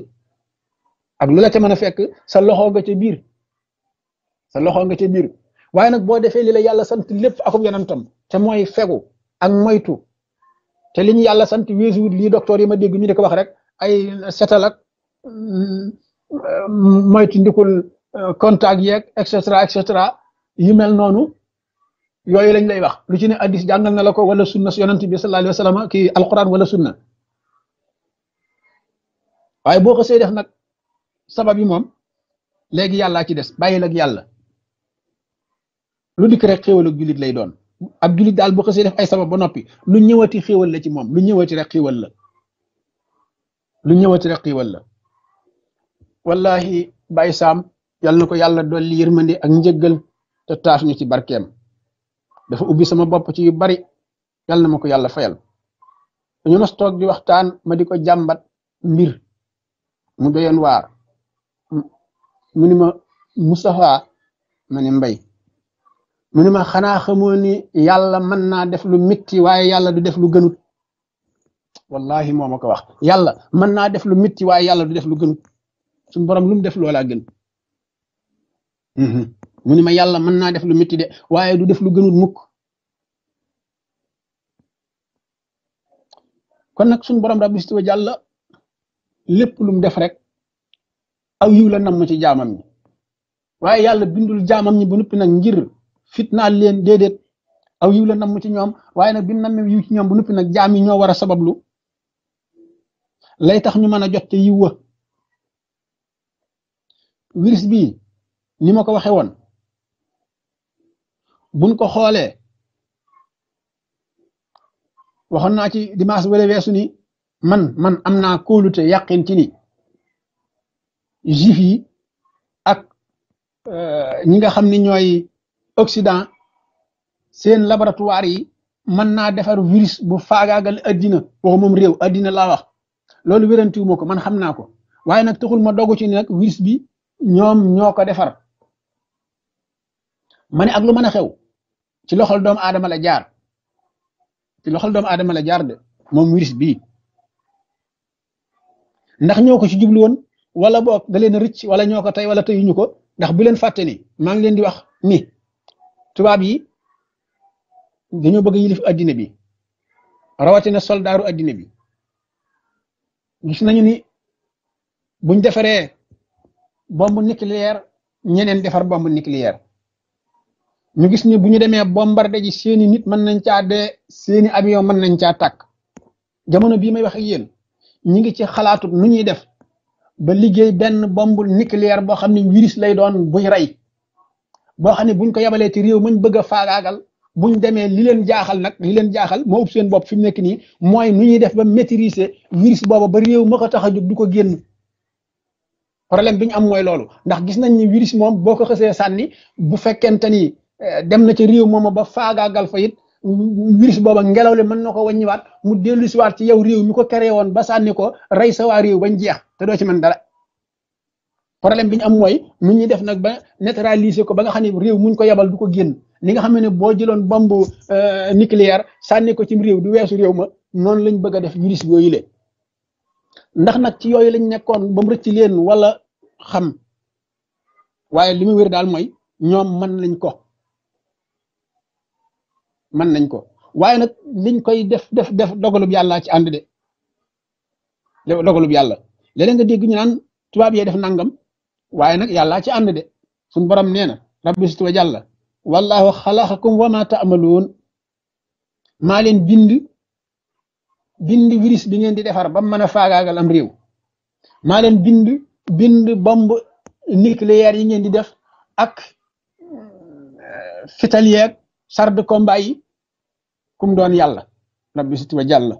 Speaker 1: ak lu la ca mën a fekk sa loxo nga ci biir sa loxo nga ca biir waaye nag boo defee lila yàlla sant lépp akub yonentam te mooy fegu ak moytu te li yàlla sant weesuwut lii docteur yi ma dégg ñu di ko wax rek ay setal ak mm, mm, moytu ndikul Euh, contact yeeg et cetera et cetera yu mel noonu yooyu lañ lay wax lu ci ne addis jàngal na la ko wala sunna yonent bi sallallahu alayhi wa sallam kii alquran wala sunna waaye boo ko see def nag sabab yi moom léegi yàllaa ci des bàyyil ak yàlla lu dikk rek xéwal ak jullit lay doon ak jullit daal boo ko see def ay sabab ba noppi lu ñëwati xéwal la ci moom lu ñëwati rek xéwal la lu ñëwati rek xéwal la wallahi Baye Sam. yalla ko yalla doli yërmande ak njëggal te taas ñu ci barkem dafa ubbi sama bop ci yu bari yalla mako yalla fayal ñu nos tok di waxtaan ma diko ko mbir mu doyoon war mu ni ma musafa ma ni mbay mu ni ma yalla xamoo yalla man def lu mitti waye yalla du def lu gënut wallahi momako wax yalla man naa def lu mitti waye yalla du def lu gënut sun borom lu def lola gënut Mhm. mu ni ma yàlla mën naa def lu métti de waaye du def lu gënul mukk kon nag suñ borom rabbi wa jàlla lépp lu def rek aw yiw la namm ci jaamam ñi waaye yàlla bindul jaamam ñi ba noppi nag ngir fitnaal leen déedéet aw yiw la namm ci ñoom waaye nag bi nammee yiw ci ñoom ba noppi nag jaam yi ñoo war a sabablu lay tax ñu mën a jot te yiw wa virus bii ni ma ko waxe woon buñ ko xoolee waxoon naa ci dimanche wala weesu ni man man am naa kóolute yàqin ci ni juif yi ak euh, ñi nga xam ni ñooy Occident seen laboratoire yi mën naa defar virus bu faagaagal addina waxu moom réew addina laa wax loolu wérantiwu ma ko man xam naa ko waaye nag taxul ma dogu ci ni nag virus bi ñoom ñoo ko defar ma ne ak mën a xew ci loxol doom aadama la jaar ci loxol doomu aadama la jaar de moom virus bi ndax ñoo ko ci jublu woon wala boog da leen rëcc wala ñoo ko tey wala teyuñu ko ndax bu leen fàtte ni maa ngi leen di wax ni tubaab yi dañoo bëgg yilif addina bi rawatina soldaaru addina bi gis nañu ni buñ defaree bombe nucléaire ñeneen defar bombe nucléaire ñu gis ni bu ñu demee bombardé ji seeni nit mën nañ caa dee seeni avion mën nañ caa tàkk jamono bii may wax ak yéen ñu ngi ci xalaatu nu ñuy def ba liggéey benn bombe nucléaire boo xam ne virus lay doon buy rey boo xam ne buñ ko yabalee ci réew mañ bëgg a faagaagal buñ demee li leen jaaxal nag li leen jaaxal moo ëpp seen bopp fi mu nekk nii mooy nu ñuy def ba maîtriser virus boobu ba réew ma ko tax a jóg du ko génn problème bi ñu am mooy loolu ndax gis nañ ni virus moom boo ko xësee sànni bu fekkente ni. Eh, dem na ca réew ma ba faagaagal fa it virus booba ngelaw li mën na ko wàññiwaat mu dellu siwaat ci yow réew mi ko créé woon ba sànni ko rey sa waa réew bañ jeex te doo ci mën dara problème bi ñu am mooy mu ñuy def nag ba neutraliser ko ba nga xam ne réew muñ ko yebal du ko génn li nga xam ne boo jëloon bombu euh, nucléaire sànni ko ci réew du weesu réew ma noonu lañ bëgg a def virus yooyu le ndax nag ci yooyu lañ nekkoon ba mu rëcc leen walla xam waaye li mu wér daal mooy ñoom mën lañ ko. man nañ ko waaye nag liñ koy def def def dogalub yàlla ci ànd de dogalub yàlla leneen nga dégg ñu naan tubaab yee def nangam waaye nag yàlla ci ànd de sun borom nee na rabbi situ wa jàlla wallahu xalaqakum wa ma taamaluun maa leen bind bind virus bi ngeen di defar ba mën a faagaagal am réew maa leen bind bind bomb nucléaire yi ngeen di def ak euh, fital char de combat yi kum doon yalla rabbi siti wa jàll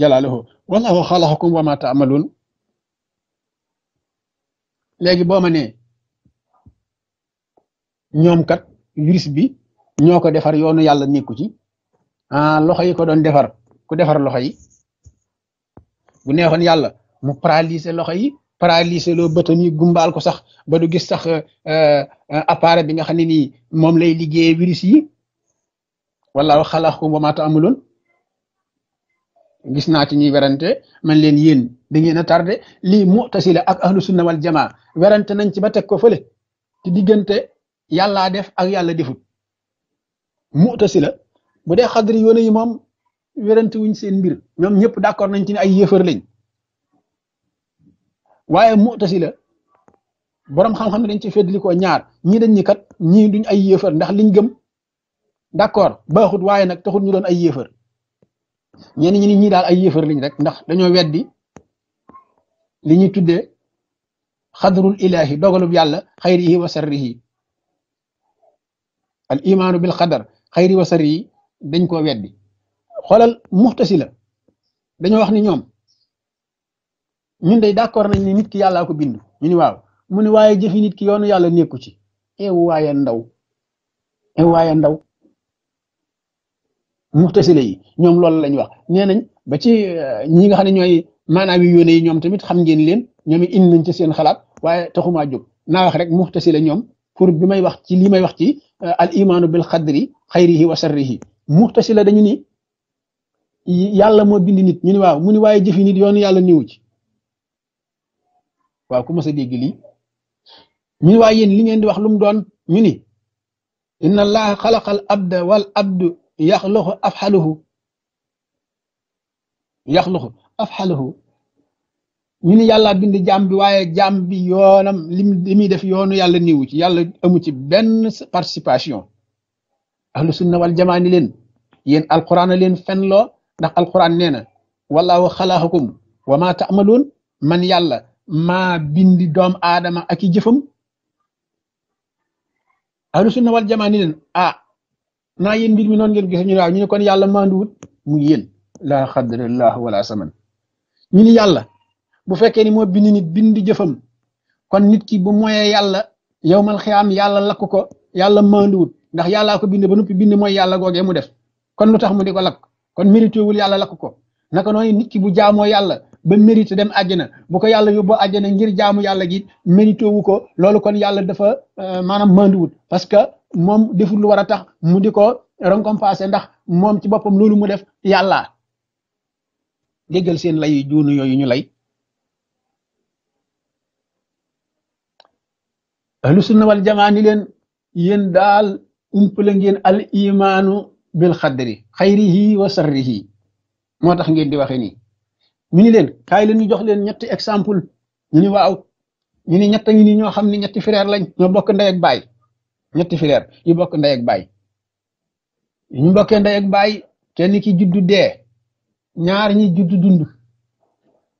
Speaker 1: jalaaluhu wallahu khalaqakum wa ma taamaluun léegi boo ma nee kat yuris bi ñoko defar yoonu yalla neeku ci ah loxo yi ko doon defar ku defar loxo yi bu neexon yalla mu paralyser loxo yi paralyser lo bëtam yi ko sax ba du gis sax euh, euh, appareil bi nga xam ni mom lay virus yi wala xalaqakum wa maa ta'maluun gis naa ci ñuy werante man leen yéen da ngeen a tardé lii mu'tasila ak ahlu sunna wal jamaa werante nañ ci ba teg ko fële ci diggante yàllaa def ak yàlla defut mu'tasila bu dee xadri yoon yi moom werante wuñ seen mbir ñoom ñëpp d'accord nañ ci ne ay yéefar lañ waaye mu'tasila boroom xam-xam ne dañ ci féetli ko ñaar ñii dañ ñi kat ñii duñ ay yéefar ndax liñ gëm d'accord baaxut waaye nag taxut ñu doon ay yéefar ñenn ñi nit ñi daal ay yéefar lañ rek ndax dañoo weddi li ñuy tuddee xadrul ilahi dogalub yàlla xayrihi wa sarrihi al imaanu bil xadar xayri dañ koo weddi xoolal muxtasila dañoo wax ni ñoom ñun day d'accord nañ ni nit ki yàllaa ko bindu ñu ni waaw mu ni waaye nit ki yoonu yàlla nekku ci ew eh waaye ndaw ew eh waaye ndaw muxtasila yi ñom loolu lañ wax nee ba ci ñi nga xam ñoy manam yu yóne yi ñoom tamit xam ngeen leen ñom it nañ ci seen xalaat waye taxuma jóg na wax rek muxtasila ñom pour bi may wax ci li may wax ci al iman bil xadri khayrihi wa sharrihi muxtasila dañu ni yàlla mo bind nit ñu ni waaw mu ni waye jëf nit yoonu yàlla niwu ci waaw ku ma sa deg li ñu waye li ngeen di wax lu mu doon ñu ni inna allaha xalaqa al abda wal abdu يخلق أفحله يخلق أفحله ñu ni yàlla bind jaam bi waaye jaam bi yoonam lim li muy def yoonu yàlla niwu ci yàlla amu ci benn participation ahlu sunna wal jamaa ni leen yéen alquran a leen fen loo ndax alquran nee na wallahu xalaaxakum wa maa taamaloon man yàlla maa bindi doom aadama ak i jëfam ahlu sunna wal jamaa ni leen ah naa yéen mbir mi noonu ngeen gis ñu ne waaw ñu ne kon yàlla maanduwut mu yéen laa xadrallah wala saman ñu ni yàlla bu fekkee ni moo bind nit bind jëfam kon nit ki bu moyee yàlla yowmal xiyaam yàlla lakk ko yàlla maanduwut ndax yàllaa ko bind ba noppi bind mooy yàlla googee mu def kon lu tax mu di ko lakk kon mérité wul yàlla lakk ko naka noonu nit ki bu jaamoo yàlla ba mérite dem àjjana bu ko yàlla yóbboo àjjana ngir jaamu yàlla gi mérité wu ko loolu kon yàlla dafa maanaam maanduwut parce que mom deful lu wara tax mu diko ko récompenser ndax mom ci bopam lolu mu def yalla déggal seen lay juunu yoyu ñu lay ahlu sunna wal jamaa ni len yeen dal ngeen al imanu bil khadri khairihi wa sarrihi motax ngeen di waxe ni ñu ni len kay la ñu jox len ñett exemple ñu ni waaw ñu ni ñett ngi ni ñoo xamni frère lañ ñoo bokk ndey ak ñetti fileer yu bokk nda ak baay ñu bokkee ndey ak kenn ki juddu dee ñaar ñi juddu dund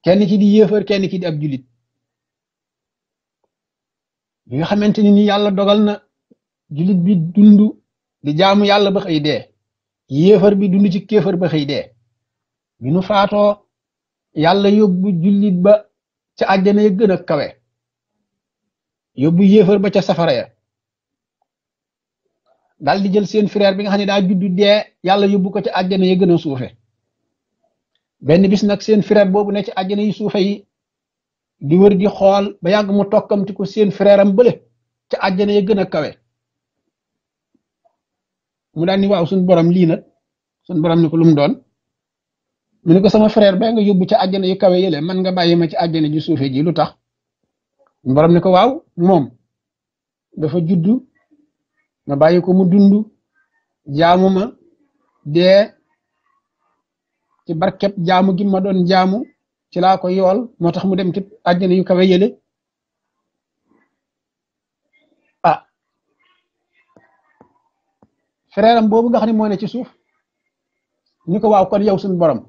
Speaker 1: kenn ki di yéefar kenn ki di ab julit bi nga xamante ni yàlla dogal na julit bi dund di jaamu yàlla ba xëy dee yéefar bi dund ci kéefar ba xëy dee bi nu faatoo yàlla yóbbu jullit ba ca àjjana ya gën a kawe yóbbu yéefar ba ca safara ya daal di jël seen frère bi nga xam ne daal juddu dee yàlla yóbbu ko ci àjjana ya gën a suufe benn bis nag seen frère boobu ne ci àjjana yi suufe di wër di xool ba yàgg mu tokkamti ko seen frère am bële ca ya gën a kawe mu daal ni waaw suñ borom lii nag suñ borom ni ko lu mu doon mu ne ko sama frère ba nga yóbbu ca àjjana yi kawe yële man nga bàyyi ma ci àjjana ju suufee ji lu tax suñ borom ni ko waaw moom dafa juddu ma bàyyi ko mu dundu jaamuma ma dee ci barkeb jaamu gi ma doon jaamu ci laa ko yool moo tax mu dem ci àjjana yu kawe yële ah frère am boobu nga xam ne moo ne ci suuf ñu ko waaw kon yow borom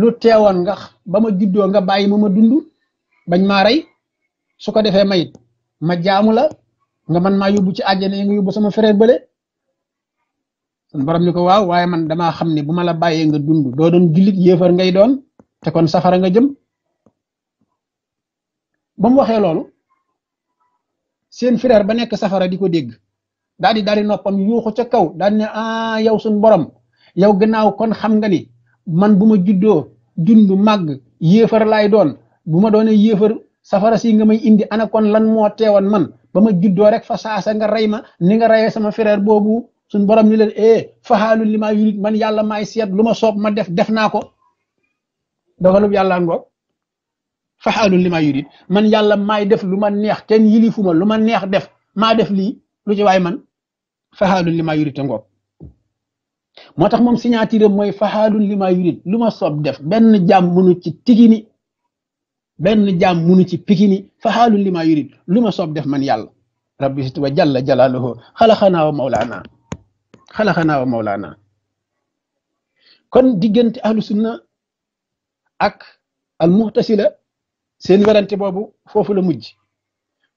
Speaker 1: lu teewoon nga ba ma juddoo nga bàyyi ma ma dund bañ maa rey su ko mayit ma jaamu la nga man ma yóbbu ci aljana ya nga yóbbu sama frère bële sun borom ni ko waaw waaye man dama xam ne bu ma la bàyyee nga dund doo doon jullit yéefar ngay doon te kon safara nga jëm ba mu waxee loolu seen frère ba nekk safara di ko dégg daal di daal di noppam yuuxu ca kaw daal ne ah yow sun borom yow gannaaw kon xam nga ni man bu ma juddoo dund màgg yéefar laay doon bu ma doonee safara si nga may indi ana kon lan mo tewon man bama ma rek fa saasa nga rey ma ni nga raye sama frère bobu sun borom ni len eh fa halu lima yurit man yalla may seet luma sop ma def def nako dogalu yalla yàlla fa halu lima yurit man yalla may def luma neex ten yilifuma luma neex def ma def li lu ci way man fa halu lima yurit ngoog motax mom signature moy fa halu lima yurit luma sop def ben jam munu ci tigini benn jaam munu ci pikini fa xaalu li maa yurid lu ma soob def man yàlla rabbi wa jalla jalaaluhu xalaxanaa wa mawlaana xalaxanaa wa mawlaana kon diggante ahlu sunna ak al muxtasila seen werante boobu foofu la mujj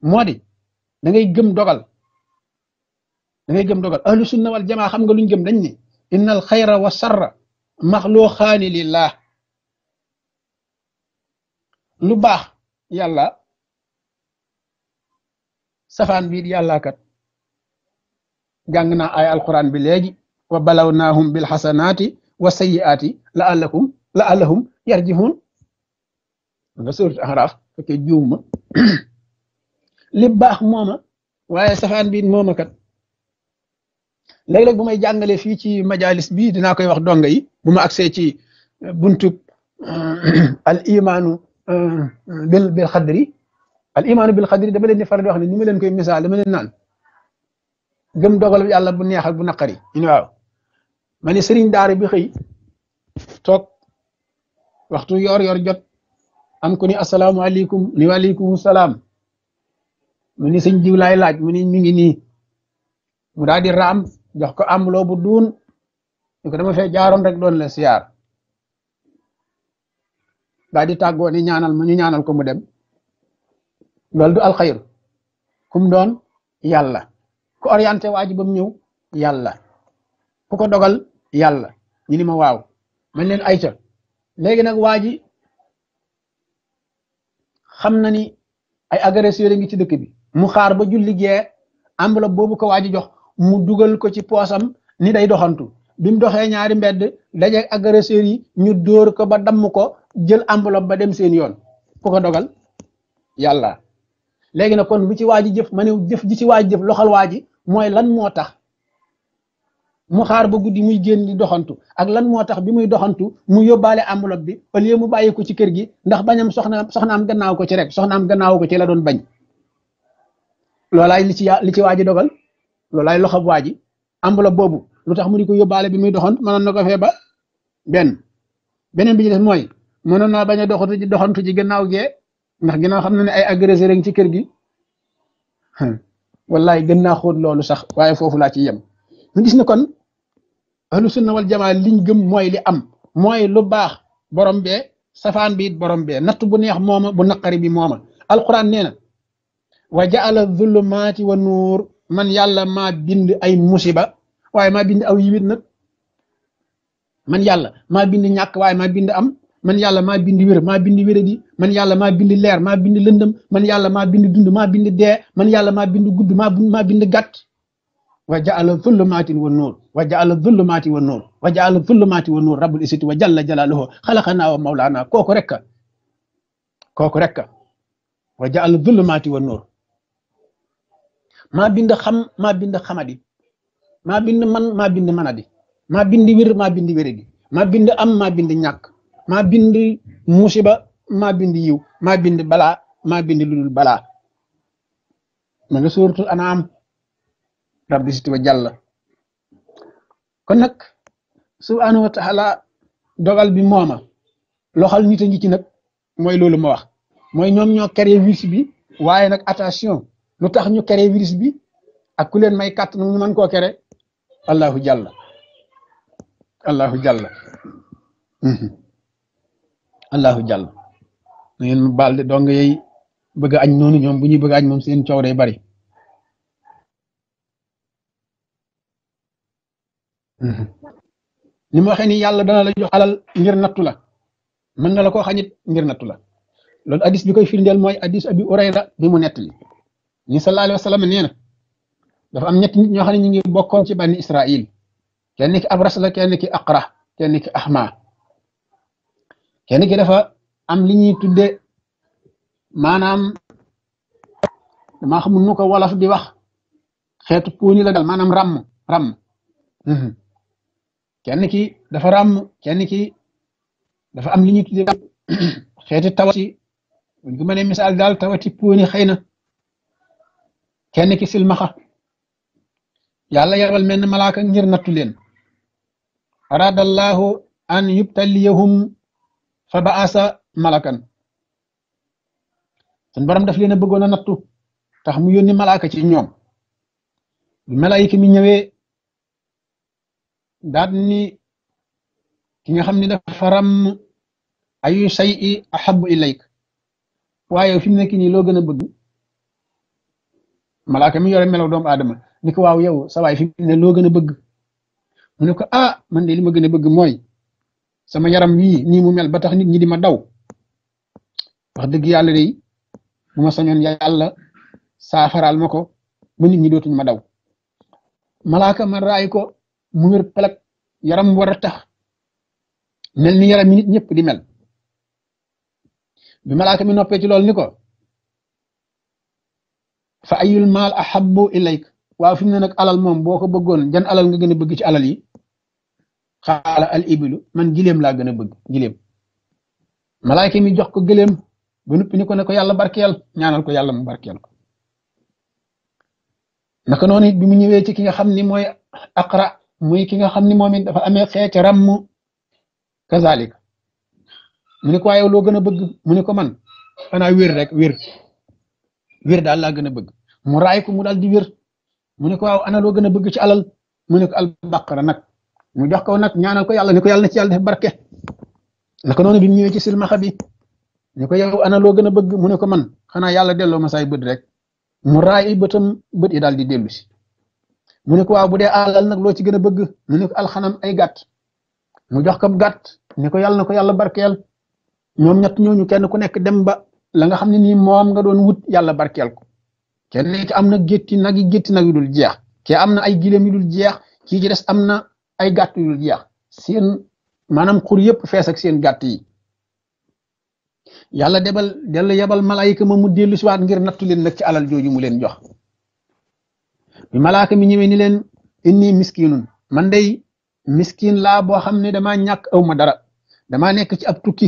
Speaker 1: moo di dangay ngay dogal dangay ngay gëm dogal ahlu sunna wal jamaa xam nga luñ gëm dañ ne inna al wa sarra maxluqaani lillah lu baax yàlla safaan biit yàlla kat jàng naa ay alquran bi léegi wa balawnaahum bil xasanaati wa sayyiaati la allakum la allahum yarjihun nga suurat Ahraaf fekkee juuma li baax mooma waaye safaan biit mooma kat léeg-léeg bu may jàngale fii ci majalis bii dinaa koy wax donga yi bu ma agsee ci buntub al imaanu Euh, bil bil xadri al imaanu bil xadri dama leen di faral di wax ni ma leen koy misaal ma leen naan gëm dogal bi yàlla bu neexal bu naqari ñu ne waaw sëriñ daara bi xëy toog waxtu yor yor jot am ku ni asalaamaaleykum ni waaleykum salaam mu ni sëñ jiw laaj mu ni mi ngi nii mu daal raam jox ko am loo bu duun ñu ko dama fee jaaroon rek doon la siyaar daal di tàggoo ni ñaanal ma ñu ñaanal ko mu dem loolu du alxayru kum doon yàlla ku orienté waa ji ñëw yàlla ku ko dogal yàlla ñu ni ma waaw man leen ayca léegi nag waa ji xam na ni ay agresseurs ngi ci dëkk bi mu xaar ba julli gee enveloppe boobu ko waa ji jox mu dugal ko ci poosam ni day doxantu bi mu doxee ñaari mbedd dajeeg agresseurs ñu dóor ko ba damm ko jël enveloppe ba dem seen yoon ko ko dogal yàlla léegi nag kon lu ci waa ji jëf ma ne jëf ji ci waa jëf loxal waa ji mooy lan moo tax mu xaar ba guddi muy jën di doxantu ak lan moo tax bi muy doxantu mu yóbbaale enveloppe bi au lieu mu bàyyi ko ci kër gi ndax bañam soxnaam soxnaam gannaaw ko ci rek soxnaam gannaaw ko ci la doon bañ loolaay li ci li ci waa ji dogal loolaay loxab waa ji enveloppe boobu lu tax mu di ko yóbbaale bi muy doxantu mënoon na ko fee ba benn beneen bi ci def mooy mënoon naa bañ doxatu ci doxantu ci gannaaw ge ndax ginnaaw xamna ni ay agresseur ci kër gi wallahi gëna xóot loolu sax waye fofu la ci yem ñu gis na kon ahlu sunna wal jamaa liñ gëm moy li am moy lu baax borom be safan bi borom be nat bu neex moma bu naqari bi moma alquran neena na wa jaala zulumaati wa nuur man yàlla ma bind ay musiba waye ma bind aw yiwit nak man yàlla ma bind ñak waye ma bind am man yàlla ma bind wér maa bind wéradi man yàlla maa bind leer maa bind lëndëm man yàlla ma bind dund maa bind dee man yàlla ma bind gudd maa maa bind gàtt wa jaala zulumaatin wa nuur wa jaala zulumaati wa wa nuur wa jalla jalaaluhu xalaqanaa wa kooku rek ka kooku rek ka wa nuur maa bind xam maa bind xamadi maa bind man maa bind manadi maa bind wér maa bind wéradi maa bind am maa bind ñàkk ma bind musiba maa bind yiw ma bind balaa ma bind ludul balaa ma nga suuratul anaam rabbi si jàll kon nag subhaanahu wa taala dogal bi mooma loxal nit a ngi ci nag mooy loolu ma wax mooy ñoom ñoo créé virus bi waaye nag attention lu tax ñu créé virus bi ak ku leen may kàttan ñu mën koo créé allahu jàll allahu jàll mhm. allahu jàll bal baal dong yey bëgg añ nonu ñom bu ñuy bëgg añ mom seen coow day bari ni mu ni dana la jox alal ngir nattu la man na la ko xañit ngir nattu la lool hadis bi koy firndel moy hadis abi urayra bi mu netti ni sallallahu alayhi wasallam neena dafa am ñet nit ñoo xam ñi ngi bokkon ci bani israël kenn ki abras la kenn ki aqra kenn ki ahma kenn ki dafa am li ñuy tudde maanaam damaa xamul nu ko wolof wax xeetu puuni la dal maanaam ràmm ram mhm. kenn ki dafa ràmm kenn ki dafa am li ñuy tudde xeeti tawati buñ ko mënee misaal daal tawati puuni xëy na kenn ki silmaxa yàlla yebal menn malaaka ngir nattu leen aradallahu an yubtaliyahum fa ba asa malakan suñ borom daf leen a bëggoon a nattu tax mu yónni malaaka ci ñoom bi malaayika mi ñëwee daat ni ki nga xam ne dafa ram ayu say i ahabu ilayk waaye fi mu nekk nii loo gën a bëgg malaaka mi yore melaw doom aadama ni ko waaw yow sa waay ne loo gën a bëgg mu ne ko ah man de li ma gën a bëgg mooy sama yaram wi ni mu mel ba tax nit ñi di ma daw wax deug yalla de bu ma sañon yalla saafaraal ma ko nit ñi ma daw malaka man ray ko mu pelak yaram wara tax mel ni yaram nit ñepp di mel bi malaka mi noppé ci loolu ni ko fa ayul mal ahabbu ilayk wa fi nak alal mom boko jan alal nga gëna bëgg ci alal yi khala al iblu man gilem la gëna bëgg gilem malaayka mi jox ko gilem bu nuppi ni ko ne ko yalla barkel ñaanal ko yalla mu barkel ko naka noni bi mu ñëwé ci ki nga xamni moy aqra muy ki nga xamni momin moom it dafa amee xeeti ràmm kazalik mu ni ko ayo lo gëna bëgg mu ni ko man ana wër rek wër wër daal la gëna bëgg mu ray ko mu dal di wër mu ni ko waaw ana lo gëna bëgg ci alal mu ni ko al baqara nak mu jox ko nak ñaanal ko yalla ni ko yalla na ci yalla def barke nak nonu bi ñëwee ci silmaxa bi ni ko yow ana lo gëna bëgg mu ne ko man xana yalla delo ma say bëd rek mu raay bëtam bëd yi di dellu si mu ne ko waaw bu dé alal nak lo ci gëna bëgg mu ne ko alxanam ay gatt mu jox ko gatt ni ko yalla na yalla barkel ñom ñatt ñoo ñu kenn ku nekk dem ba la nga xamni ni mom nga doon wut yalla barkel ko kenn ci amna na gétti nag yi yu dul jeex ke am ay gilem yu dul jeex ki ci dess amna ay gàtt yu jeex seen maanaam xur yépp fees ak seen gàtt yi yàlla debal yàlla yebal malaayika ma mu dellu siwaat ngir nattu leen nag ci alal jooju mu leen jox bi malaaka mi ñëwee ni leen inni miskinun man day miskin laa boo xam ne damaa ñàkk aw ma dara dama nekk ci ab tukki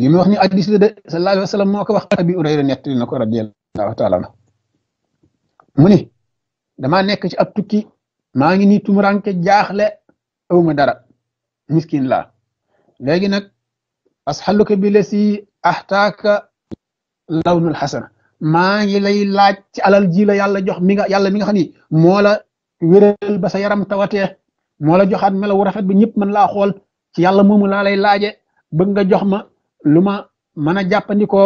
Speaker 1: li mu wax ni addis de sallallahu alayhi wasallam moko wax abi urayra nettali na radiyallahu taala mu ni ci ab tukki maa ngi nii tumuranke jaaxle awuma dara miskin la léegi nak ashaluka bi la si lawnul hasana maa ngi lay laaj ci alal ji la yalla jox mi nga yalla mi nga xani mo la wéral ba sa yaram tawatee mo la melo wu rafet bi ñëpp man la xol ci yalla momu la lay laaje nga jox ma luma mana jappandiko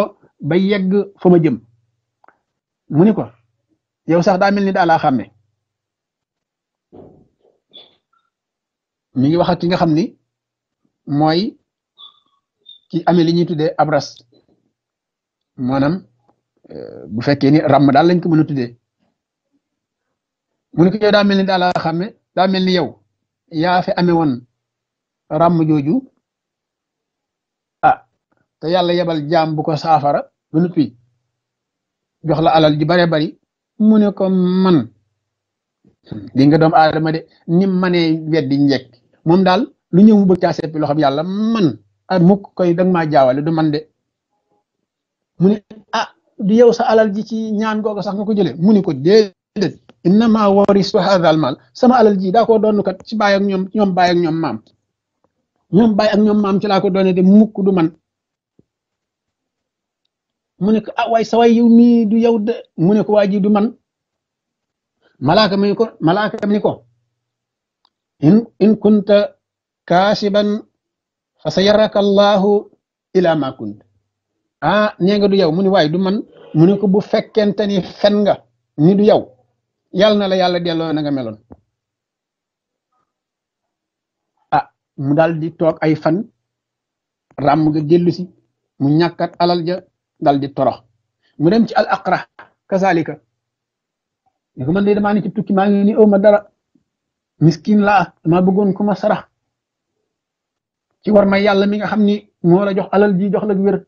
Speaker 1: ba yegg fuma jëm muniko yow sax da melni da la xamé mi ngi wax ak ki nga xam ni mooy ki amee li ñuy tuddee abras maanaam euh, bu fekkee ni ràmm daal lañ ko mën a tudde mu ne ko yow daa mel ni daal laa xàmme daa mel ni yow yaa fi amee woon ràmm jooju ah te yàlla yebal jaam bu ko saafara ba noppi jox la alal ji bare bari mu ne ko man di nga doom aadama de ni manee weddi njekk mom dal lu ñew mu bëgg caa seppi loo xam man ah mukk koy danga ma jaawale du man de mu ne ah du yow sa alal ji ci ñaan googa sax nga ko jëlee mu ne ko inna ma warisu hadha al mal sama alal ji da ko doon kat ci bàyyi ak ñom ñom bàyyi ak ñom mam ñom bàyyi ak ñom mam ci la ko doone de mukk du man mu ne ko ah way sa way yow mi du yow de mu ne ko waji du man malaka mi ko malaka mi ko in in kunta kasiban fasayaraka Allah ila ma kunt ah nee nga du yow mu ni du man ni ko bu fekkente ni fen nga ni du yow yàlla na la na nga ah mu di tok ay fan ràmm nga dellu si mu alal ja dal di torox mu dem ci al aqra kasalika ne ko man de damaa ne ci tukki maa ngi ni o ma dara miskin laa ma bëggoon ku ma sarax ci war ma yàlla mi nga xam ni moo la jox alal ji jox la wér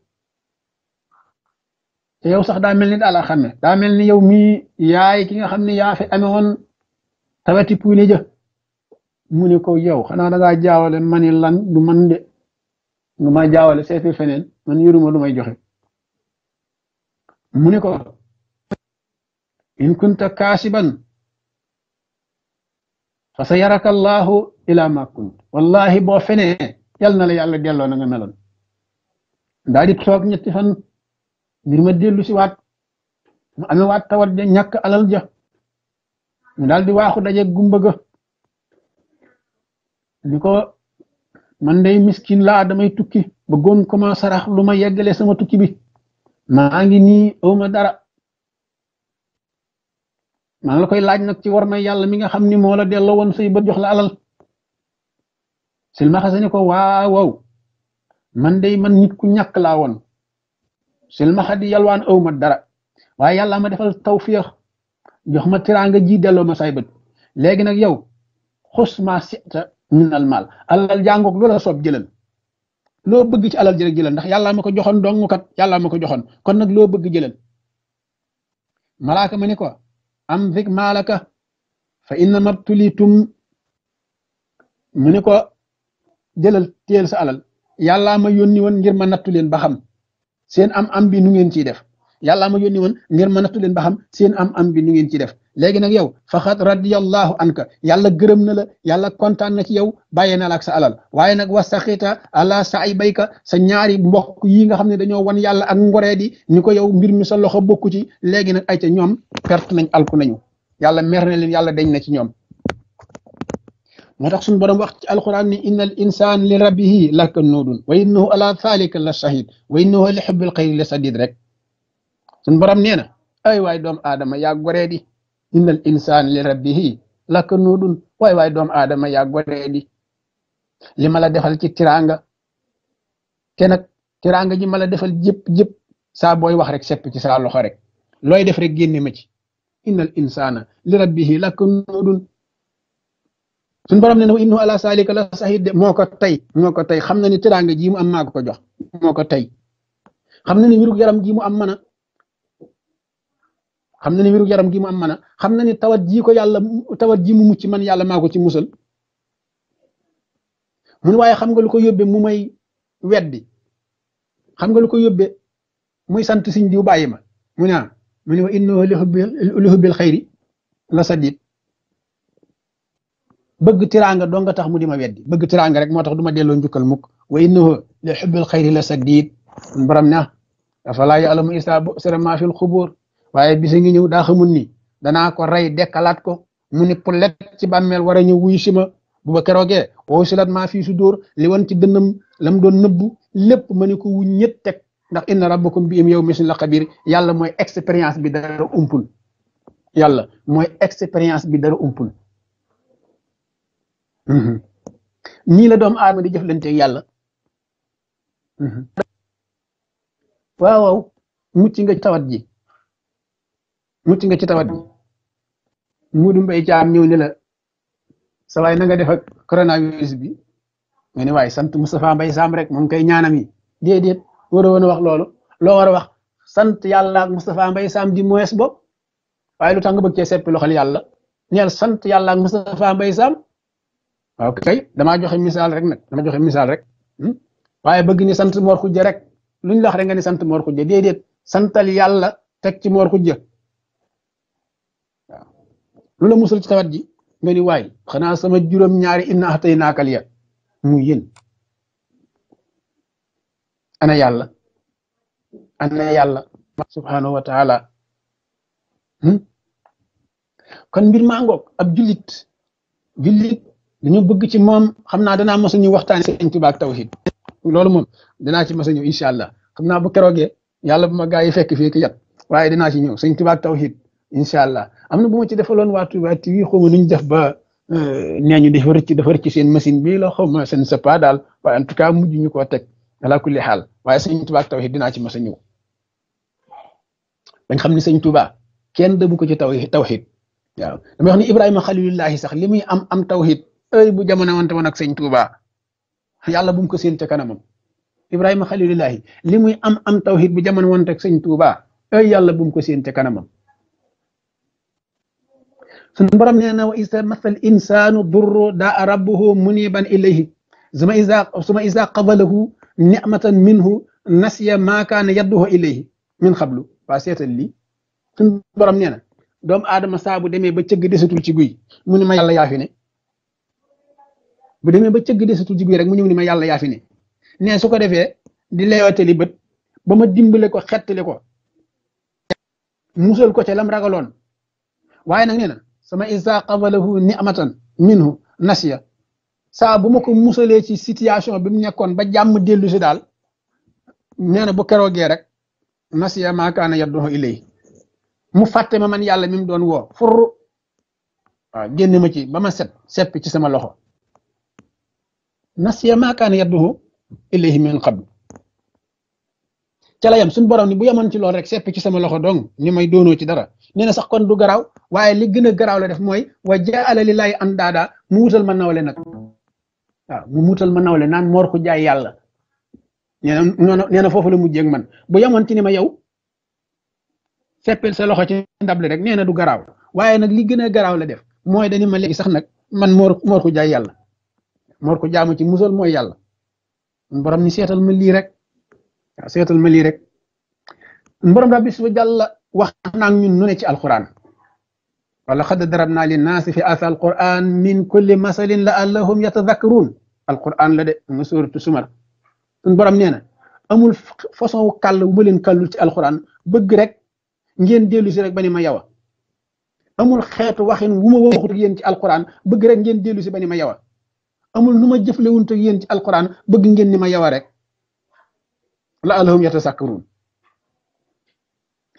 Speaker 1: te yow sax daa mel ni daala xame daa mel ni yow mi yaay ki nga xam ne yaa fi amee woon tawati puune jë mu ne ko yow xanaa da ngaa jaawale mani lan du man de nga ma jaawale seeti feneen man yoruma lu may joxe mu ne ko in kunta kaasiban fa yaraka ila ma kunt wallahi bo fene yal na la yalla delo na nga melon dadi di ñetti fan bir ma delu ci wat mu ame wat tawat de ñak alal ja mu daldi waxu waaxu gumba ga man day miskin la damay tukki bëggoon commencé rax luma yeggale sama tukki bi maa ngi nii awma dara man la koy laaj nag ci war na yàlla mi nga xam ni moo la delloo woon say ba jox la alal silmaxa sa ni ko waaw waaw man day man nit ku ñàkk laa woon silmaxa di yalwaan aw ma dara waaye yàlla ma defal tawfiix jox ma tiraanga ji delloo ma say bët léegi nag yow xus maa sita minal maal alal jàngoog loola soob jëlal loo bëgg ci alal jërëk jëlal ndax yàlla ma ko joxoon dong kat yàlla ma ko joxoon kon nag loo bëgg jëlal malaaka ma ni amzik maalaka fa innama btulitum mu ne ko jëlal téyel sa alal yàllaa ma yónni woon ngir ma nattu leen ba seen am am bi nu ngeen ciy def yàllaa ma yónni woon ngir ma nattu leen ba seen am am bi ngeen ciy def léegi nag yow faxat radiyallahu anka yàlla gërëm na la yàlla kontaan na ci yow bàyyee na la ak sa alal waaye nag wasaxita ala saay bayka sa ñaari mbokk yi nga xam ne dañoo wan yàlla ak ngoree di ñu ko yow mbir mi sa loxo bokku ci léegi nag ay ca ñoom perte nañ alku nañu yàlla mer na leen yàlla dañ na ci ñoom moo tax suñu borom wax ci inna insaan li rabbihi lakanuudun wa innahu ala thalika la shahid wa innahu li xubbil xayri la sadid rek suñu borom nee na ay waay doomu aadama innal insaan li rabbihi lakanuudun waay waay doomu aadama yaa goree di li mala la defal ci tiraanga te nag tiraanga ji ma la defal jëpp jëpp saa booy wax rek sepp ci saa loxo rek looy def rek génne ma ci innal insaana li rabbihi lakanuudun suñu borom ne na innahu ala saalika la sahid de moo ko tey moo tey xam na ni tiraanga ji mu am maa ko jox moo tey xam na ni yaram ji am mana xam na ni wéru yaram gi mu am mën xam na ni tawat ji ko yàlla tawat ji mu mucc man yàlla maa ci musal mun waaye xam nga lu ko yóbbe mu may weddi xam nga lu ko yóbbe muy sant siñ diw bàyyi ma mu ne ah mu ne wa innahu li hubbil xayri la sadid bëgg tiraanga doo nga tax mu di ma weddi bëgg tiraanga rek moo tax du ma delloo njukkal mukk wa innahu li hubbil xayri la sadid borom ne ah afalaa ya'lamu isa sira maa fil xubuur waaye bisa ngi ñëw daa xamul ni danaa ko rey dekkalaat ko mu ni pulet ci bàmmeel war a ñëw wuyu si ma bu ba keroogee si maa fii su dóor li wan ci dënnam lam doon nëbbu lépp ma ni ko wu ñett teg ndax inna rabbakum bi im yow misin la xabir yàlla mooy expérience bi dara umpul yàlla mooy expérience bi dara umpul mhm. nii la doomu aadama di jëflanteeg yàlla mhm. waaw waaw nga tawat ji mucc nga ci tawat bi Modou Mbaye Thiam ñëw ne la sa waay na nga def ak coronavirus bi nga ne waaye sant Moustapha mbay Sam rek moom kay ñaanam yi déedéet waroo woon a wax loolu loo war a wax sant yàlla ak Moustapha Mbaye Sam di moes bopp waaye lu tax nga bëgg cee seppi yàlla ñeel sant yàlla ak Moustapha Mbaye Sam waaw kay damaa joxe misaal rek nag dama joxe misaal rek hmm? waaye bëgg ni sant Mor Khoudia rek luñ la wax rek nga ni sant Mor Khoudia déedéet santal yàlla teg ci Mor Khoudia loolu la ci tawat ji nga ni waay xanaa sama juróom-ñaari inna atay naakal ya muy yéen ana yàlla ana yàlla subhaanahu wa taala hmm? mbir maa ngoog ab jullit jullit dañu bëgg ci moom xam naa dana mos a waxtaan waxtaane tibaak Tuubaa ak tawhid loolu moom danaa ci mos a ñëw incha allah xam naa bu keroogee yàlla bu ma gaa yi fekk fii ki yat waaye danaa ci ñëw sëñ Tuubaa ak tawhid incha allah am na bu ma ci defaloon waa Touba TV xaw ma nu ñu def ba euh, nee ñu dafa rëcc dafa rëcc seen machine bi la xaw ma seen sapa daal waaye en tout cas mujj ñu koo teg ala kulli xaal waaye sëñ Touba ak tawhid dinaa ci mas a ñëw dañ xam ne sëñ Touba kenn dëbu ko ci taw tawhid waaw dama wax ni Ibrahima xalilullahi sax li muy am am tawhid ay bu jamono wante woon ak sëñ Touba yàlla bu mu ko séen ca kanamam Ibrahima xalilullahi li muy am am tawhid bu jamono wante ak sëñ Touba ay yàlla bu mu ko séen ca kanamam. suñu borom nee na wa isa masal insaanu durru daa rabbuhu muniban ilayhi suma isa suma isa qabalahu nicmatan minhu nasiya maa kaana yadduhu ilayhi min xablu waa seetal lii suñu borom nee na doomu aadama saa bu demee ba cëgg desatul ci guy mu ne ma yàlla yaa fi ne bu demee ba cëgg desatul ci guy rek mu ni ma yàlla yaa fi ne nee su ko defee di bët ba ma dimbale ko xettali ko musal ko ca lam ragaloon waaye nag nee sama isa qabalahu ni'matan minhu nasiya saa bu ma ko musalee ci situation bi mu nekkoon ba jàmm dellu si daal nee na bu keroogee rek nasiya maa kaana yadduhu ilay mu fàtte ma man yàlla mi mu doon woo furru waaw génn ma ci ba ma set seppi ci sama loxo nasiya maa kaana yadduhu ilayhi min qabl ci la yam suñu borom ni bu yamon ci lool rek seppi ci sama loxo dong ñu may doono ci dara neena sax kon du graw waye li gëna graw la def moy wa jaala lillahi andada mu wutal ma nawle nak wa mu mutal ma nawle nan mor ko jaay yalla neena neena fofu la mujjé ak man bu yamon ci ni ma yow seppel sa loxo ci ndable rek neena du graw waye nak li gëna graw la def moy dañu ma legi sax nak man mor mor ko jaay yalla mor ko jaamu ci musal moy yalla borom ni setal ma li rek سيتل ملي ريك نبرم ربي سو جال واخنا نون نوني القران ولا قد دربنا للناس في اثر القران من كل مثل لعلهم يتذكرون القران لدى دي سوره سمر نبرم نينا امول فاصون كال مولين كالو سي القران بغ ريك نين ديلو بني ما ياوا امول خيت ومو ووما واخو يين سي القران بغ ريك نين ديلو بني ما ياوا امول نوما جيفلي وونتو يين سي القران بغ نين ما ياوا la'allahum yatasakkarun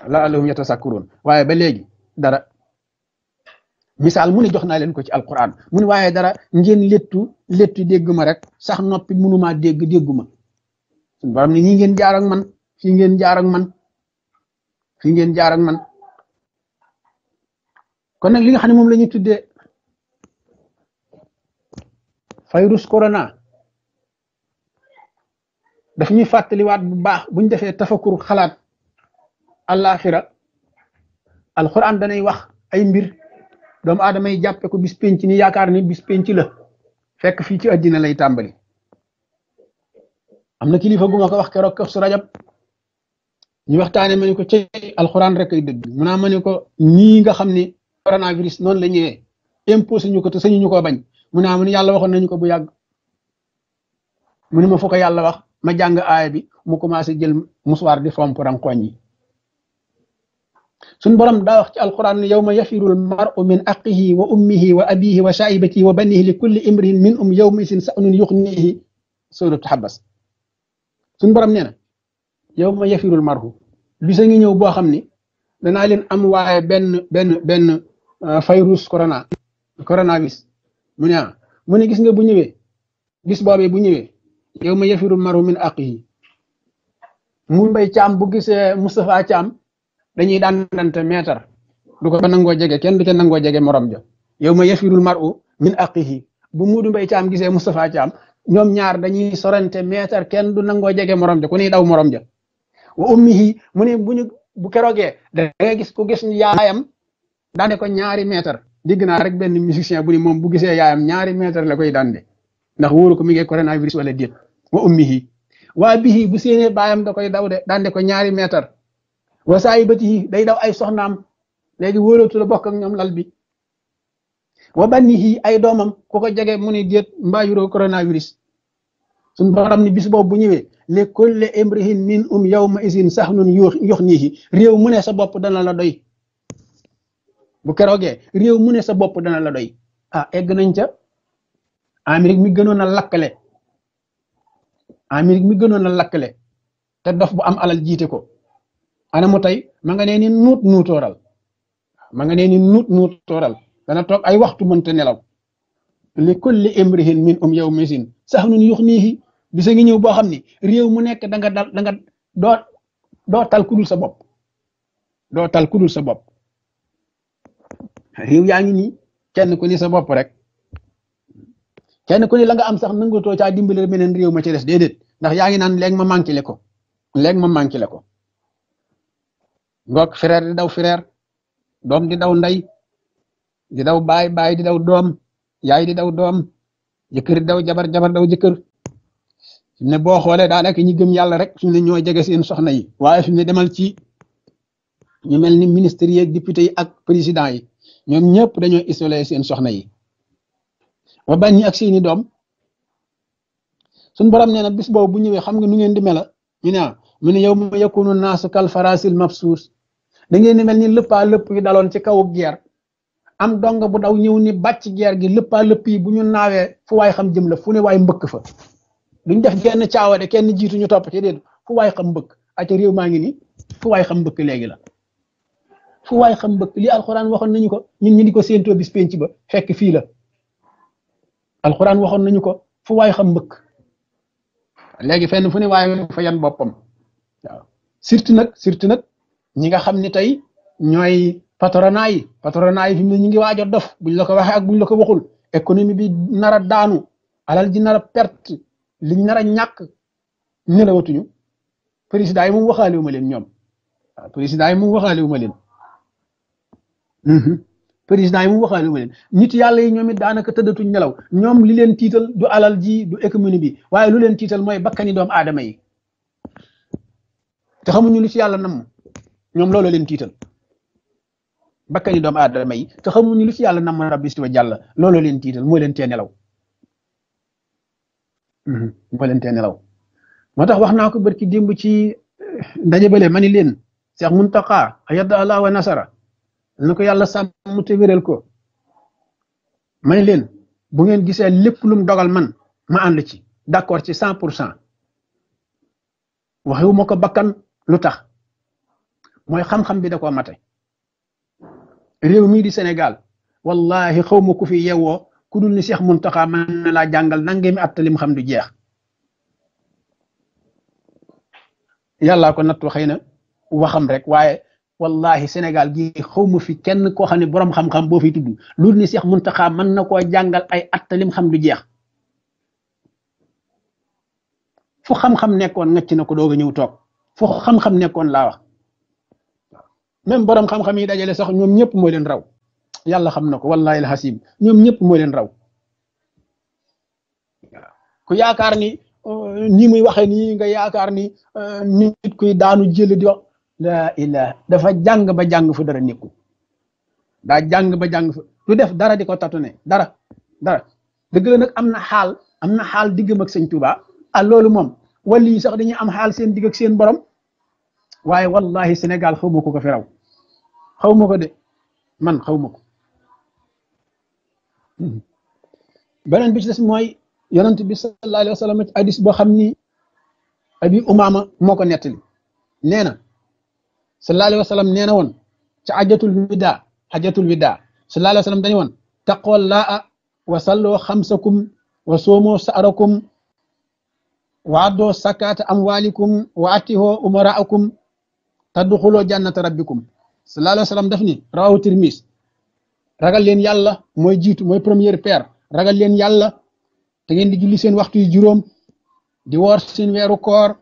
Speaker 1: la'allahum yatasakkarun waaye ba léegi dara misaal mu ne jox naa leen ko ci alquran mu ne waaye dara ngeen léttu léttu dégg rek sax noppi mënumaa dégg déggu ma suñu ñi ngeen jaar man fii ngeen jaar ak man fii ngeen jaar ak man kon nag ne moom la ñuy tuddee virus corona daf ñuy fàttaliwaat bu baax bu defee tafakur xalaat alaaxira alxuraan danay wax ay mbir doom aadama yi jàppe ko bis penc ni yaakaar ni bis penc la fekk fii ci àddina lay tàmbali am na kilifa gu ma ko wax keroog kër su rajab ñu waxtaane ma ne ko ci alxuraan rek ay dëgg naa ma ne ko ñii nga xam ni coronavirus noonu la ñëwee imposé ñu ko te sañu ñu ko bañ mu naa ma ne yàlla waxoon nañu ko bu yàgg mu ne ma fu yàlla wax ma jàng aaya bi mu commencé jël muswar di fomp rankoñ yi sun borom da wax ci alquran yawma yafirul mar'u min aqihi wa ummihi wa abihi wa shaibatihi wa banihi li kulli imrin min um yawma isin sanun yuxnihi suratu xabas sun borom neena yawma yafirul mar'u bi sa ngi ñëw bo xamni ni leen am waye ben ben ben virus corona coronavirus mu ne mu ne gis nga bu ñewé gis bobé bu ñewé yawma yafiru maru min aqi mun bay cham bu gise mustafa cham dañuy dandante meter du ko nango jege ken du ci nango jege morom yawma yafiru maru min aqihi bu mudu mbay cham gise mustafa cham ñom ñaar dañuy sorante meter ken du nango jege morom jo ku ni daw morom jo wa ummihi mu ne buñu bu kérogé da nga gis ku gis yaayam dane ko ñaari meter digg naa rek ben musicien bu ni mom bu gisee yaayam ñaari meter la koy dande ndax wóoru ko mi ngi virus wala diet wa ummihi waa bihi bu séenee baayam da koy daw de dande ko ñaari meetar wa saahibatihi day daw ay soxnaam léegi wóolatu la bokk ak ñoom lal bi wa bannihi ay doomam ku ko jege mu ne déet mbaa yuroo coronavirus suñ borom bu ñëwee li kulli imrihin min um yawma isin sahnun yox niihi réew mu ne sa bopp dana la doy bu keroogee réew mu ne sa bopp dana la doy ah egg nañ ca Amérique mi gënoon a lakkale amir mi gënoon a lakkale te dof bu am alal jiite ko ana mu tey ma nga nee ni nuut nuutooral ma nga nee ni nuut nuutooral dana toog ay waxtu mënta nelaw li kulli imrihin min um yow misin sahnun yuxnihi bisa ngi ñëw boo xam ni réew mu nekk da nga dal da nga doo doo tal kudul sa bopp doo tal kudul sa bopp réew yaa ngi kenn ko ni sa bopp rek kenn ku ne la nga am sax nangutoo caa dimbali beneen réew ma ci des déedéet ndax yaa ngi naan léegi ma manqué le ko léegi ma manqué ko mbokk frère di daw frère doom di daw nday di daw baay baay di daw doom yaay di daw doom jëkkër di daw jabar jabar daw jëkkër fi ne boo xoolee daanaka ñi gëm yàlla rek fi mu ne ñoo jege seen soxna yi waaye fi mu demal ci ñu mel ni ministres yi ak députés yi ak présidents yi ñoom ñëpp dañoo isolé seen soxna yi. wa bàññi ak seeni doom sun borom nee na bis boobu bu ñëwee xam nga nu ngeen di mela ñu ne ah, mu ne yow ma yakunu naasu kal farasil mabsuus da ngeen di mel ni lëppaa lëpp yi daloon ci kaw geer am dong bu daw ñëw ni bàcc geer gi lëppaa lëpp yi bu ñu naawee fu waay xam jëm la fu ne waay mbëkk fa duñ def kenn caawade kenn jiitu ñu topp ci déet fu waay xam mbëkk ca réew maa ngi ni fu waay xam mbëkk léegi la fu waay xam mbëkk li alxuraan waxoon nañu ko ñun ñi di ko séentoo bis penc ba fekk fii la alxuraan waxoon nañu ko fu waay xam mbëkk léegi fenn fu ne waaye fa yan boppam waaw surtout nag surtout nag ñi nga xam ni tey ñooy patronat yi patronat yi fi ne ñu ngi waaj a dof buñ la ko waxee ak buñ la ko waxul économie bi nara a daanu alal ji nar a perte liñ nar a ñàkk nelawatuñu président yi moom waxaale wu ma leen ñoom waaw président yi moom waxaale wu ma leen président yi mu waxal wu leen nit yalla yi ñoom it daanaka tëddatuñ nelaw ñom li leen tital du alal ji du économie bi waye lu leen tital moy bakkani doom adama yi te ñu li ci yalla nam ñom loolu leen tital bakkani doom adama yi te ñu li ci yalla nam rabbi subhanahu wa ta'ala loolu leen tital moy leen tee nelaw mhm, moo leen tee nelaw moo ko barki démb ci eh, ndaje bële leen Cheikh Muntaqa ayadda ala wa nasara na ko yàlla sàmm te wéral ko ma ne leen bu ngeen gisee lépp lum dogal man ma ànd ci d'accord ci cent pour cent waxewu ma ko bakkan lu tax mooy xam-xam bi da koo mate réew mii di Sénégal wallahi xaw ma ku fi yewoo ku dul ni Cheikh Mountakha mën na laa jàngal nangami at lim xam du jeex yàllaa ko nattu xëy na waxam rek waaye wallahi Sénégal gi xaw ma fi kenn koo xam ne borom xam-xam boo fi tudd loolu ni Seex Muntaxa man na koo jàngal ay at xam du jeex fu xam-xam nekkoon ngacc na ko doog a ñëw toog fu xam-xam nekkoon laa wax même borom xam-xam yi dajale sax ñoom ñëpp moo leen raw yàlla xam na ko wallahi alxasim ñoom ñëpp moo leen raw ku yaakaar ni euh, ni muy waxee nii nga yaakaar ni euh, nit kuy daanu jël di wax. la ilaha dafa jang ba jang fu dara nikku da jang ba jang fu du def dara diko tatune dara dara deug la nak amna hal amna hal digum ak seigne touba a ah, lolou mom wali sax dañu am hal seen dig ak seen borom waye wallahi senegal xawmako ko fi raw xawmako de man xawmako mhm. benen bi ci dess moy yaronte bi sallallahu alaihi wasallam hadith bo xamni abi umama moko netti neena sallallahu alaihi wasallam neena won bidah ci hajjatul wida hajatul wida sallallahu alaihi wasallam dañ won woon laa wa sallu khamsakum wa sumu sa'rakum wa addoo sakata amwalikum wa atihu umaraakum tadkhulu jannata rabbikum sallallahu alaihi wasallam daf ni rawu tirmis ragal len yalla moy jitu moy premier père ragal len yalla te ngeen di julli seen waxtu yu di wor seen wéru koor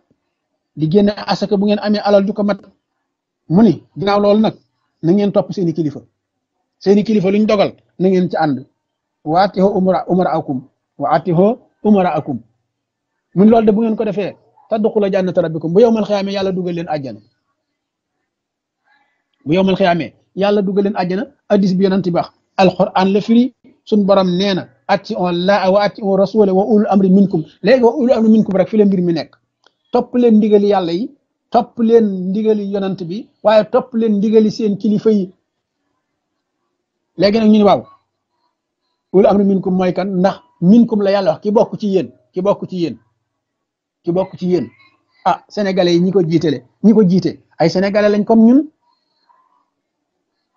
Speaker 1: di génne asaka bu ngeen amee alal du ko mat mu ni ginnaaw loolu nag na ngeen topp seeni kilifa seeni kilifa luñ dogal na ngeen ci ànd wa atihoo umra umra akum wa atihoo umra akum mun loolu de bu ngeen ko defee tadduxula jannata rabbikum bu yowmal xiyaamee yàlla dugal leen àjjana bu yowmal yàlla dugal leen àjjana addis bi yonanti baax alquran la firi suñ borom nee na atti on laa wa atti on rasula wa ulul amri minkum léegi wa ulul amri minkum rek fi mbir mi nekk topp leen ndigal yàlla yi topp leen ndigali yonant bi waaye topp leen ndigali seen kilifa yi léegi nag ñu ne waaw ulu amri minkum mooy kan ndax minkum la yàlla wax ki bokk ci yéen ki bokk ci yéen ki bokk ci yéen a ah, sénégalais yi ñi ko jiitele ñi ko jiite ay sénégalais lañ comme ñun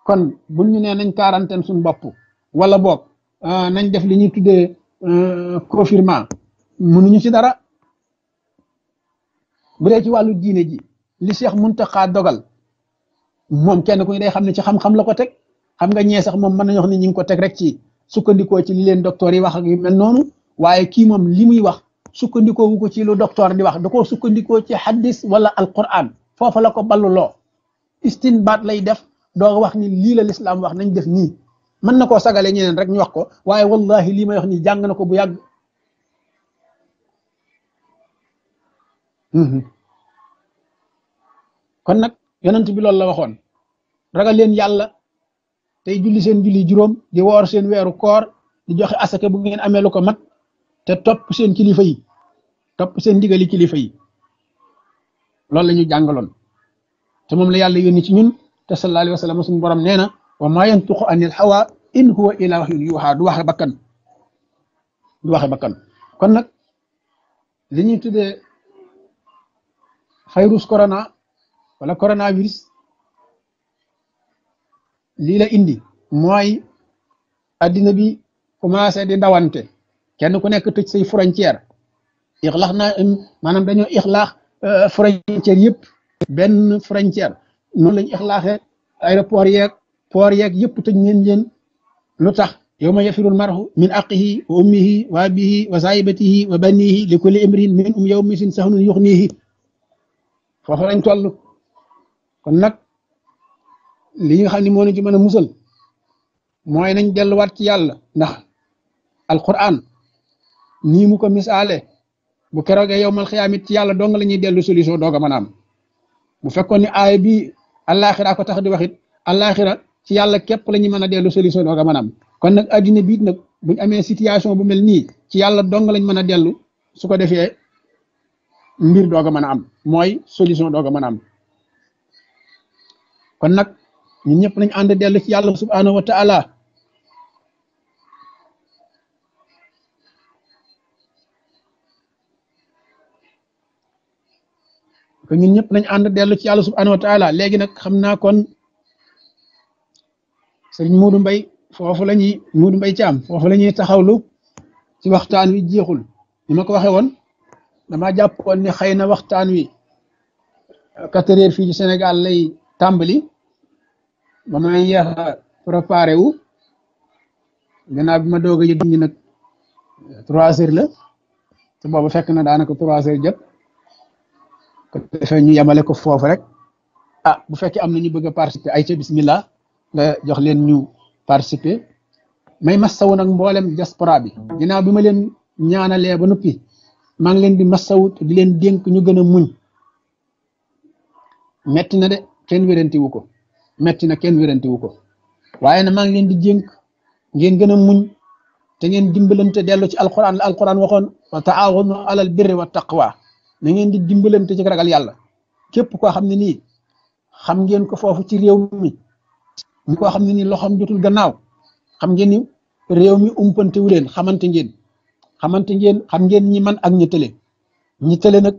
Speaker 1: kon buñ ñu nee nañ quarantaine suñ bopp wala boog euh, nañ def li ñuy tuddee euh, confinement mënuñu ci dara bu dee ci walu diine ji li cheikh muntaxa dogal mom kenn ku ñu day xam ci xam-xam la ko tek xam nga ñee sax mom mën nañu wax ne ñi ko tek rek ci sukkandiko ci li leen docteur yi wax ak yu mel waye ki mom li wax sukkandiko wu ko ci lu docteur di wax da ko sukkandiko ci hadis wala alquran fofu la ko lo istinbat lay def doog wax ni li la l'islam wax nañ def ni man nako sagale ñeneen rek ñu wax ko waye wallahi wax ni jang nako bu Mhm. kon nag yonent bi loolu la waxoon ragal leen yàlla tey julli seen julli juróom di woor seen weeru koor di joxe asaka bu ngeen amee lu ko mat te topp seen kilifa yi topp seen ndigali kilifa yi loolu la ñu jàngaloon te moom la yàlla yónni ci ñun te sallallahu alayhi wa sallam suñu borom nee na wa maa yantuqu anil hawa in huwa illa du waxe bakkan du waxe bakkan kon nag li ñuy tuddee virus corona wala coronavirus lii la indi mooy addina bi commencé di dawante kenn ku nekk tëj say frontière ixlaax na maanaam dañoo ixlaax frontière yëpp benn frontière noonu lañ ixlaaxee aéroport yeeg port yeeg yëpp tëj ngeen leen lu tax yow ma yafirul marhu min aqihi wa ummihi wa abihi wa saahibatihi wa banihi li kulli imrin min um yow misin sahnun yuxnihi fofu lañ tollu kon nak li nga xam ne ci mëna musal mooy nañ wat ci yalla ndax alquran ni mu ko misale bu keroogee yow mal xiyaamit ci yalla dong la ñuy dellu solution doog a mën am bu fekkone ay bi alakhirah ko tax di wax it ci yalla kep la mëna delu solution doog a am kon nak adina bi nak buñ amé situation bu melni ci yàlla dong lañ mëna delu su ko mbir doog a mën a am mooy solution doog a mën am kon nag ñun ñëpp nañ ànd dellu ci yàlla subhanahu wa taala kon ñun ñëpp nañ ànd dellu ci yàlla subhanahu wa taala léegi nag xam naa kon sëriñ Muudu Mbay foofu la ñuy Muudu Mbay Caam foofu la ñuy taxawlu ci waxtaan wi jeexul ni ma ko waxee woon dama jàppoon ni xëy na waxtaan wi quatre heures fii ci Sénégal lay tàmbali man maa ngi préparé wu gannaaw bi ma doog a yëg ñu nag trois heures la te boobu fekk na daanaka trois heures jot ñu yemale ko foofu rek ah bu fekkee am na ñu bëgg a participer ay ca bismillah nga jox leen ñu participer may masawu nag mboolem diaspora bi gannaaw bi ma leen ñaana lee ba noppi. mang ngi leen di masawut di leen denk ñu gëna muñ metti na de kenn wéranti wuko metti na kenn wéranti wuko waye na mang leen di jenk ngeen gëna muñ te ngeen dimbalante delu ci alquran alquran waxon wa ta'awunu alal birri wat taqwa na ngeen di dimbalante ci ragal yalla képp ko xamni ni xam ngeen ko fofu ci rew mi ñu koo loxam jotul gannaaw xam ngeen ni rew mi umpante wu xamante ngeen xamante ngeen xam ngeen ñi man ak ñi tële ñi nag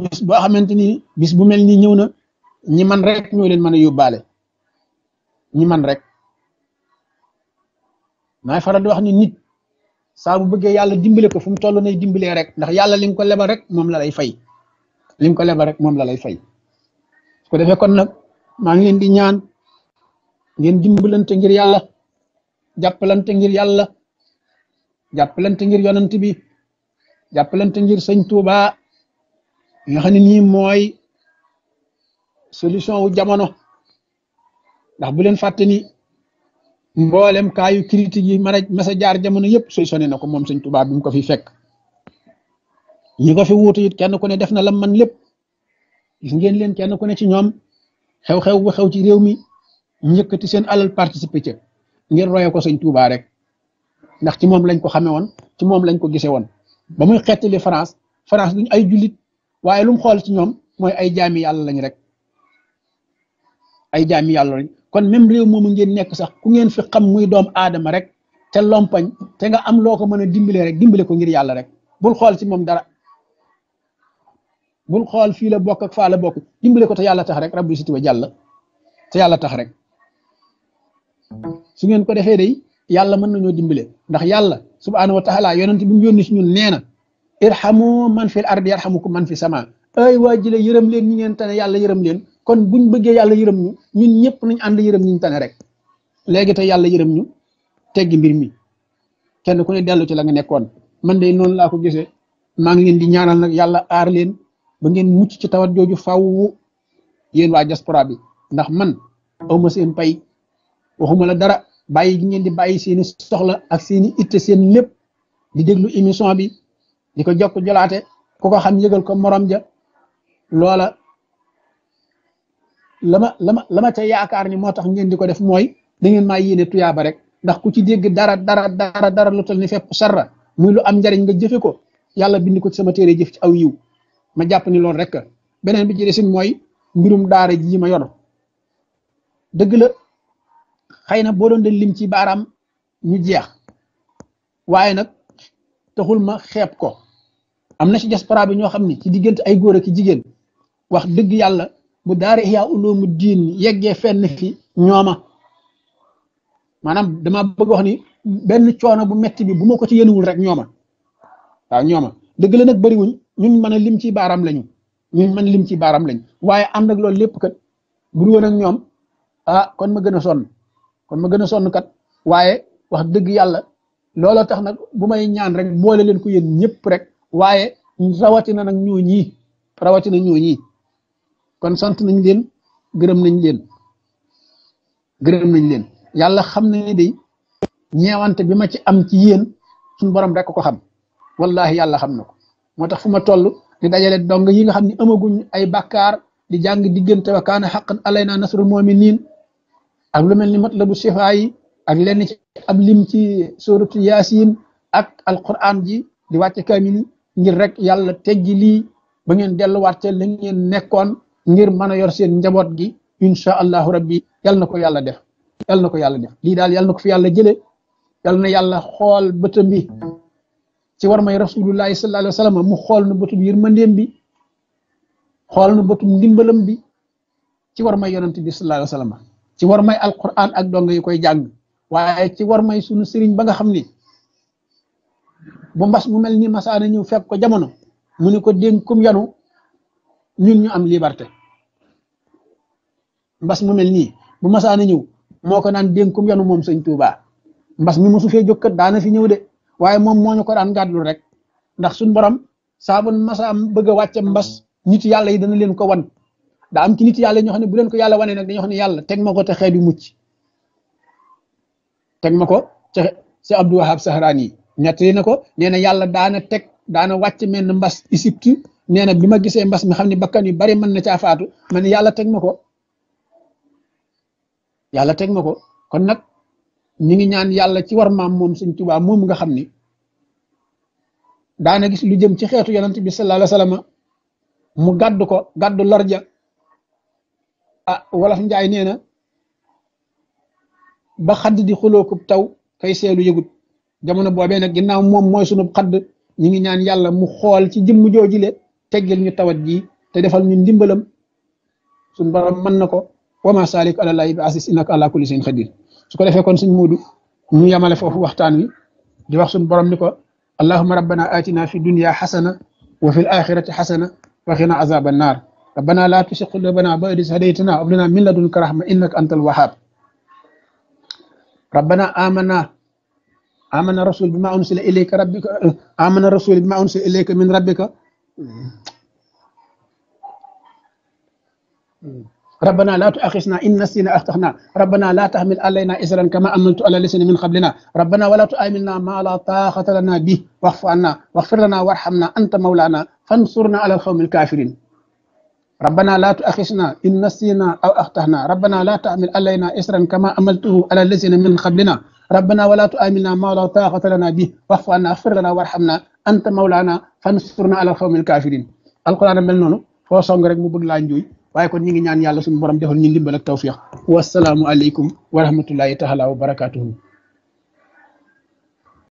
Speaker 1: bis boo xamante ni bis bu mel ni ñëw na ñi man rek ñoo leen mën a yóbbaale ñi man rek maay faral di wax ni nit saa bu bëggee yàlla dimbale ko fu mu toll nay dimbalee rek ndax yàlla li ko lebal rek moom la lay fay li ko lebal rek moom la lay fay su defee kon nag maa ngi leen di ñaan ngeen dimbalante ngir yàlla jàppalante ngir yàlla jàppalante ngir yonent bi jàppalante ngir sëñ Touba nga xam ne nii mooy solution wu jamono ndax bu leen fàtte ni mboolem kaayu critique yi mën mas jaar jamono yëpp solutionné na ko moom sëñ Touba bi ko fi fekk ñi ko fi wuutu it kenn ku ne def na lam man lépp gis ngeen leen kenn ku ne ci ñoom xew-xew bu xew ci réew mi njëkkati seen alal participer ca ngir roye ko sëñ Touba rek. ndax ci moom lañ ko xamee woon ci moom lañ ko gisee woon ba muy xettali France France duñ ay jullit waaye lu xool ci ñoom mooy ay jaami yàlla lañ rek ay jaami yàlla lañ kon même réew moomu ngeen nekk sax ku ngeen fi xam muy doom aadama rek te lompañ te nga am loo ko mën a dimbale rek dimbale ko ngir yàlla rek bul xool si moom dara bul xool fii la bokk ak faa bokk dimbale ko te yàlla tax rek rabbi sitiwa jàll te yàlla tax rek su ngeen ko defee day yalla mën nañu dimbalé ndax yalla subhanahu wa taala yonent bi mu yónni ci ñun neena irhamu man fil ardi yarhamukum man fi sama ay wajile yeureum leen ñi ngeen tane yalla yeureum leen kon buñ bëgge yalla yeureum ñu ñun ñepp nañ ànd yërëm ñu tane rek léegi tay yalla yeureum ñu teggi mbir mi kenn ku ne delu ci la nga nekkon man day non la ko gisee ma ngi leen di ñaanal nak yalla ar leen ba ngeen mucc ci tawat joju faaw yeen wa diaspora bi ndax man awma seen pay waxuma la dara bàyyi gi ngeen di bàyyi seeni soxla ak seeni itte seen lépp di déglu émission bi di ko jokk jolaate ku ko xam yëgal ko morom ja loola lama lama lama ca yaakaar ni moo tax ngeen di ko def mooy da ngeen maa yéene tuyaaba rek ndax ku ci dégg dara dara dara dara lu toll ni fepp sarra muy lu am njariñ nga jëfe ko yàlla bind ko ci sama téere jëf ci aw yiw ma jàpp ni lool rek beneen bi ci desin mooy mbirum daara ji ma yor dëgg xëy na boo doon de lim ci baaraam ñu jeex waaye nag taxul ma xeeb ko am na ci diaspora bi ñoo xam ne ci diggante ay góor ak jigéen wax dëgg yàlla bu daara Ihya mu Diin yeggee fenn fi ñooma maanaam dama bëgg wax ni benn coono bu metti bi bu ma ko ci yënuwul rek ñooma waaw ñooma dëgg la nag bariwuñ ñun mën lim ci baaraam lañu ñun mën lim ci baaraam lañu waaye ànd ak loolu lépp kat bu woon ak ñoom ah kon ma gën a sonn. kon ma gën a sonn kat waaye wax dëgg yàlla looloo tax na bu may ñaan rek boole leen ko yéen ñëpp rek waaye rawatina nag ñoo ñii rawatina ñoo ñii kon sant nañ leen gërëm nañ leen gërëm nañ leen yàlla xam na ne day ñeewante bi ma ci am ci yéen suñu borom rek ko xam wallahi yàlla xam na ko moo tax fu ma toll di dajale dong yi nga xam ne amaguñ ay bakkaar di jàng diggante wa kaana xaqan alaynaa nasrul mu'miniin ak lu melni ni matlabu shifa yi ak lenn ci ab lim ci yasin ak alquran ji di wacce kamil ngir rek yalla teggi li ba ngeen delluwaat ca la ngeen nekkon ngir mana yor seen njabot gi insha allah rabbi yalla nako yalla def yalla nako yalla def li dal yalla na fi yalla jele yalla na yalla xol bi ci war may rasulullah sallallahu alaihi wasallam mu xol nu bëtum yermandem bi xol nu bëtum ndimbalam bi ci war may yonnati bi sallallahu alaihi wasallam ci war may alquran ak do yi koy jang waye ci war may sunu serigne ba nga xamni bu mbass mu melni ni masaana ñëw fekk ko jamono mu ni ko dénkum yanu ñun ñu am liberté mbass mu melni bu masaana ñëw moko nan naan yanu mom serigne touba mbass mi mosu fee jokkat na fi ñew de waye mom moñu ko daan gadlu rek ndax sun borom sabun bu bëgg wacce mbass nit yalla yi dana leen ko wan da am ci nit yalla ñoo xamne bu len ko yalla wane nak dañu xamne yalla tek mako te xeet yu mucc tek mako ci ci abdou wahab sahrani nettali nako ko yalla na daana tek daana wacc men mbass isiptu nee na bi ma gisee mbas mi xamni bakkan yu bari man na ci afatu man yalla tek mako yalla tek mako kon nak ñi ngi ñaan yalla ci war maam mom seigne touba mom nga xamni daana gis lu jëm ci xéetu yaronte bi sallallahu alayhi wasallam mu gaddu ko gaddu larja ah wolof njaay nee na ba xadd di xulookub taw kay seelu yëgut jamono boobee nag ginnaaw moom mooy sunu xadd ñu ngi ñaan yàlla mu xool ci jëmm joojile teggil ñu tawat ji te defal ñu ndimbalam suñu borom mën na ko wama salik àlalahi bi asis innaka ala kulli shay'in qadir su ko defee kon suñ muudu ñu yamale foofu waxtaan wi di wax suñu borom ni ko rabbana atina fi dunya hasana wa fi l hasana xasana wa xina azaba annar ربنا لا تشق قلوبنا بعد إذ هديتنا وهب لنا من لدنك رحمة إنك أنت الوهاب ربنا آمنا آمنا الرسول بما أنزل إليك ربك آمنا الرسول بما أنزل إليك من ربك ربنا لا تؤاخذنا إن نسينا أخطأنا ربنا لا تحمل علينا إسرا كما أملت على لسان من قبلنا ربنا ولا تؤمنا ما لا طاقة لنا به واعف عنا واغفر لنا وارحمنا أنت مولانا فانصرنا على القوم الكافرين ربنا لا تؤاخذنا إن نسينا أو أخطأنا ربنا لا تعمل علينا إسرا كما عملته على الذين من قبلنا ربنا ولا تؤمنا ما لا طاقة لنا به واعف عنا اغفر لنا وارحمنا أنت مولانا فانصرنا على القوم الكافرين القرآن مل نونو فو سونغ rek مو bëgg لا نجوي واي كون نيغي نيان يالا سون suñu borom defal ñu ndimbal ak tawfiq wasalaamu aleykum wa rahmatullahi taala